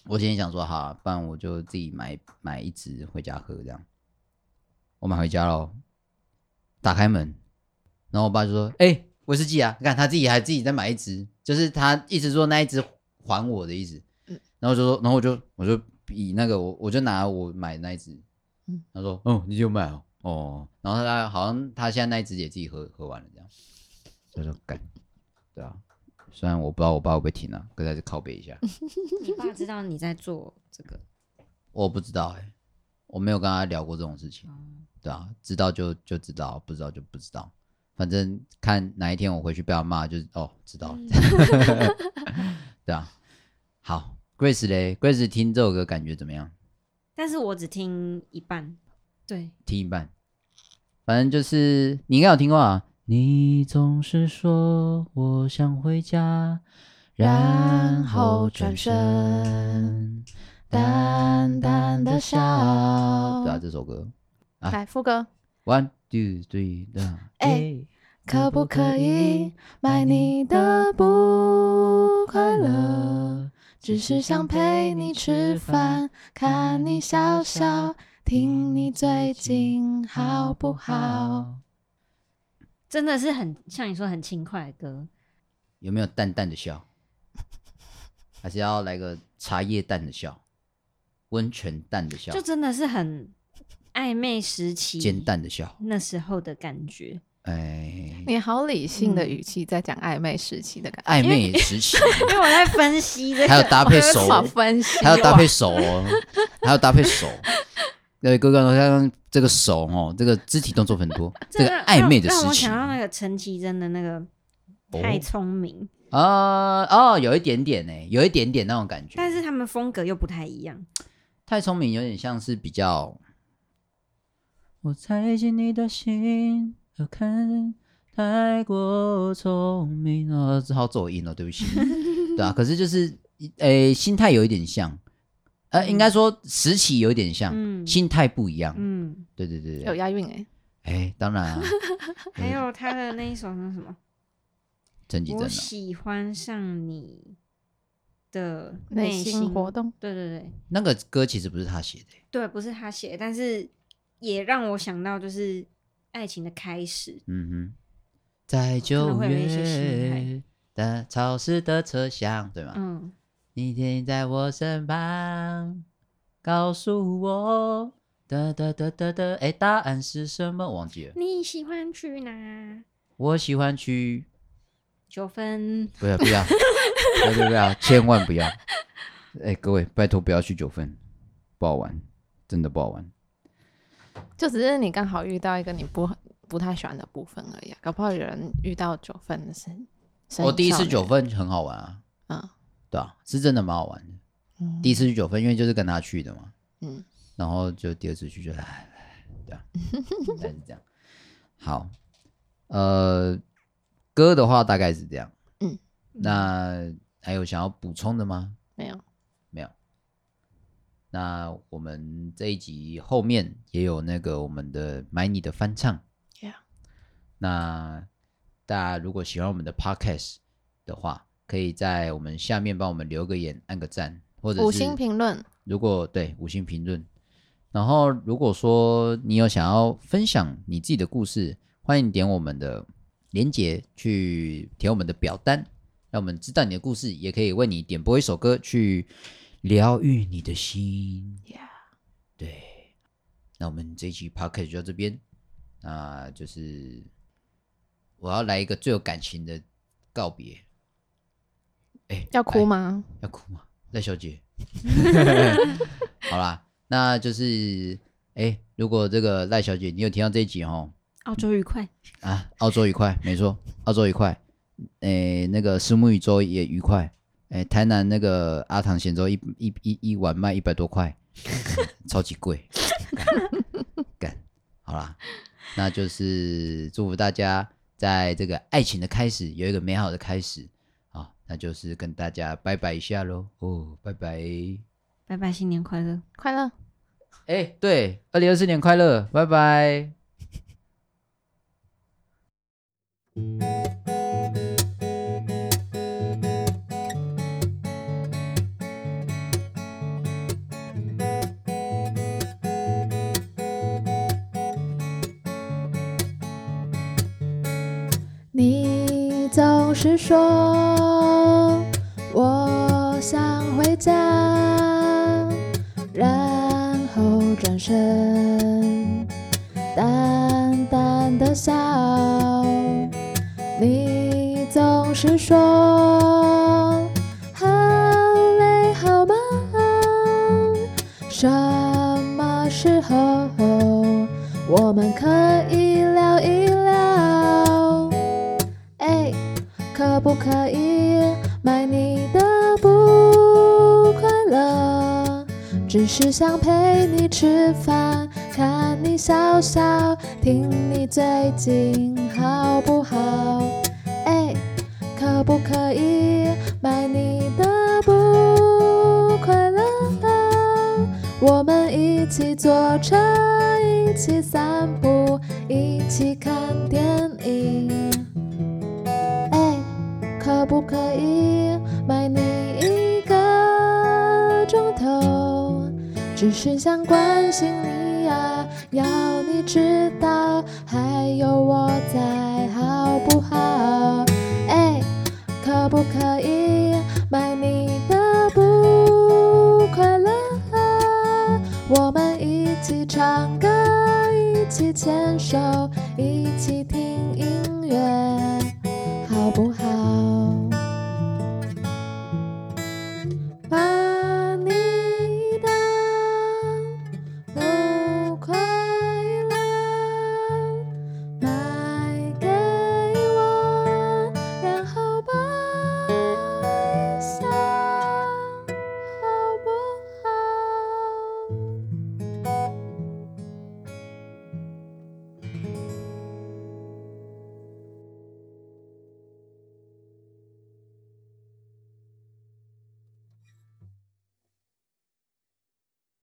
我今天想說哈、啊，不然我就自己買買一支回家喝這樣。我買回家嘍，打開門，然後我爸就說：“哎、欸，威士忌啊，你看他自己還自己在買一支，就是他一直說那一支還我的意思。’然後就說，然後我就我就以那個我我就拿我買那一支，他說：“嗯、哦，你就買哦。”哦，然後他好像他現在那一支也自己喝喝完了這樣，他說、嗯：‘幹。’雖然我不知道我爸會不會聽啊，可是還是靠北一下。 你爸知道你在做這個？我不知道哎、欸，我沒有跟他聊過這種事情。嗯、對啊，知道就就知道，不知道就不知道。反正看哪一天我回去被他罵，就哦知道了。嗯、 對啊，好，Grace 嘞，Grace 聽這首歌感覺怎麼樣？但是我只聽一半。對，聽一半，反正就是你應該有聽過啊。你總是說我想回家，然後轉身，淡淡的笑。啊、這首歌，來、啊、副歌。One two three four 哎，可不可以 A, 買你的不快樂？只是想陪你吃飯，看你笑笑，聽你最近好不好？真的是很像你說很輕快的歌，有沒有淡淡的笑？還是要來個茶葉蛋的笑，溫泉蛋的笑？就真的是很曖昧時期，煎蛋的笑，那時候的感覺。哎，你好理性的語氣在講曖昧時期的感覺，曖、嗯、昧時期， 因為我在分析這個，還要搭配手，還要搭配手，還，啊、還要搭配手。那位哥哥好像。這個手哦，這個肢體動作很多，這個、這個曖昧的事情，我想要那個陳綺貞的那個《哦、太聰明》啊，哦，有一點點呢、欸，有一點點那種感覺，但是他們風格又不太一樣。太聰明有點像是比較。我猜進你的心，我看太過聰明了，哦，只好走音了、哦，對不起， 對啊，可是就是，誒，心態有一點像。呃，嗯、應該說時期有點像，嗯、心態不一樣。嗯，對對對，對有押韻哎、欸。哎、欸，當然、啊。 對還有他的那一首什麼什麼， 我喜歡上你的內心，心活動。對對對，那個歌其實不是他寫的、欸。對，不是他寫，但是也讓我想到就是愛情的開始。嗯哼，在九月的潮濕的車廂，對嗎？嗯。你停在我身旁，告訴我，得得得得得，哎、欸，答案是什麼？我忘記了。你喜歡去哪？我喜歡去九份。不 要不要，不要不要，千萬不要！哎、欸，各位，拜托不要去九份，不好玩，真的不好玩。就只是你剛好遇到一個你不不太喜歡的部分而已、啊，搞不好有人遇到九份是。我第一次九份很好玩啊。嗯。對啊，是真的蠻好玩的。第一次去九份，因為就是跟他去的嘛。嗯，然後就第二次去就唉唉唉，就，得對啊，還 是這樣。好，呃，歌的話大概是這樣。嗯，嗯那還有、哎、想要補充的嗎？沒有，沒有。那我們這一集後面也有那個我們的買你的翻唱。Yeah。那大家如果喜歡我們的 Podcast 的話。可以在我們下面幫我們留個言、按個讚，或者是五星評論。如果對五星評論，然後如果說你有想要分享你自己的故事，歡迎點我們的鏈接去填我們的表單，讓我們知道你的故事，也可以為你點播一首歌去療癒你的心呀。Yeah. 對，那我們這一集 Podcast 就到這邊，那就是我要來一個最有感情的告別。哎、欸欸，要哭嗎？要哭嗎？賴小姐， 好啦，那就是哎、欸，如果這個賴小姐，你有聽到這一集哦，澳洲愉快啊，澳洲愉快，沒錯，澳洲愉快，哎、欸，那個虱目魚粥也愉快，哎、欸，台南那個阿堂鹹粥，一一一一碗賣一百多塊， 超級貴貴，幹， 好啦，那就是祝福大家在這個愛情的開始有一個美好的開始。那就是跟大家拜拜一下嘍哦，拜拜，拜拜，新年快樂，快樂，哎、欸，對，二零二四年快樂，拜拜。 你總是說家，然後轉身。只想陪你吃飯，看你笑笑，聽你最近。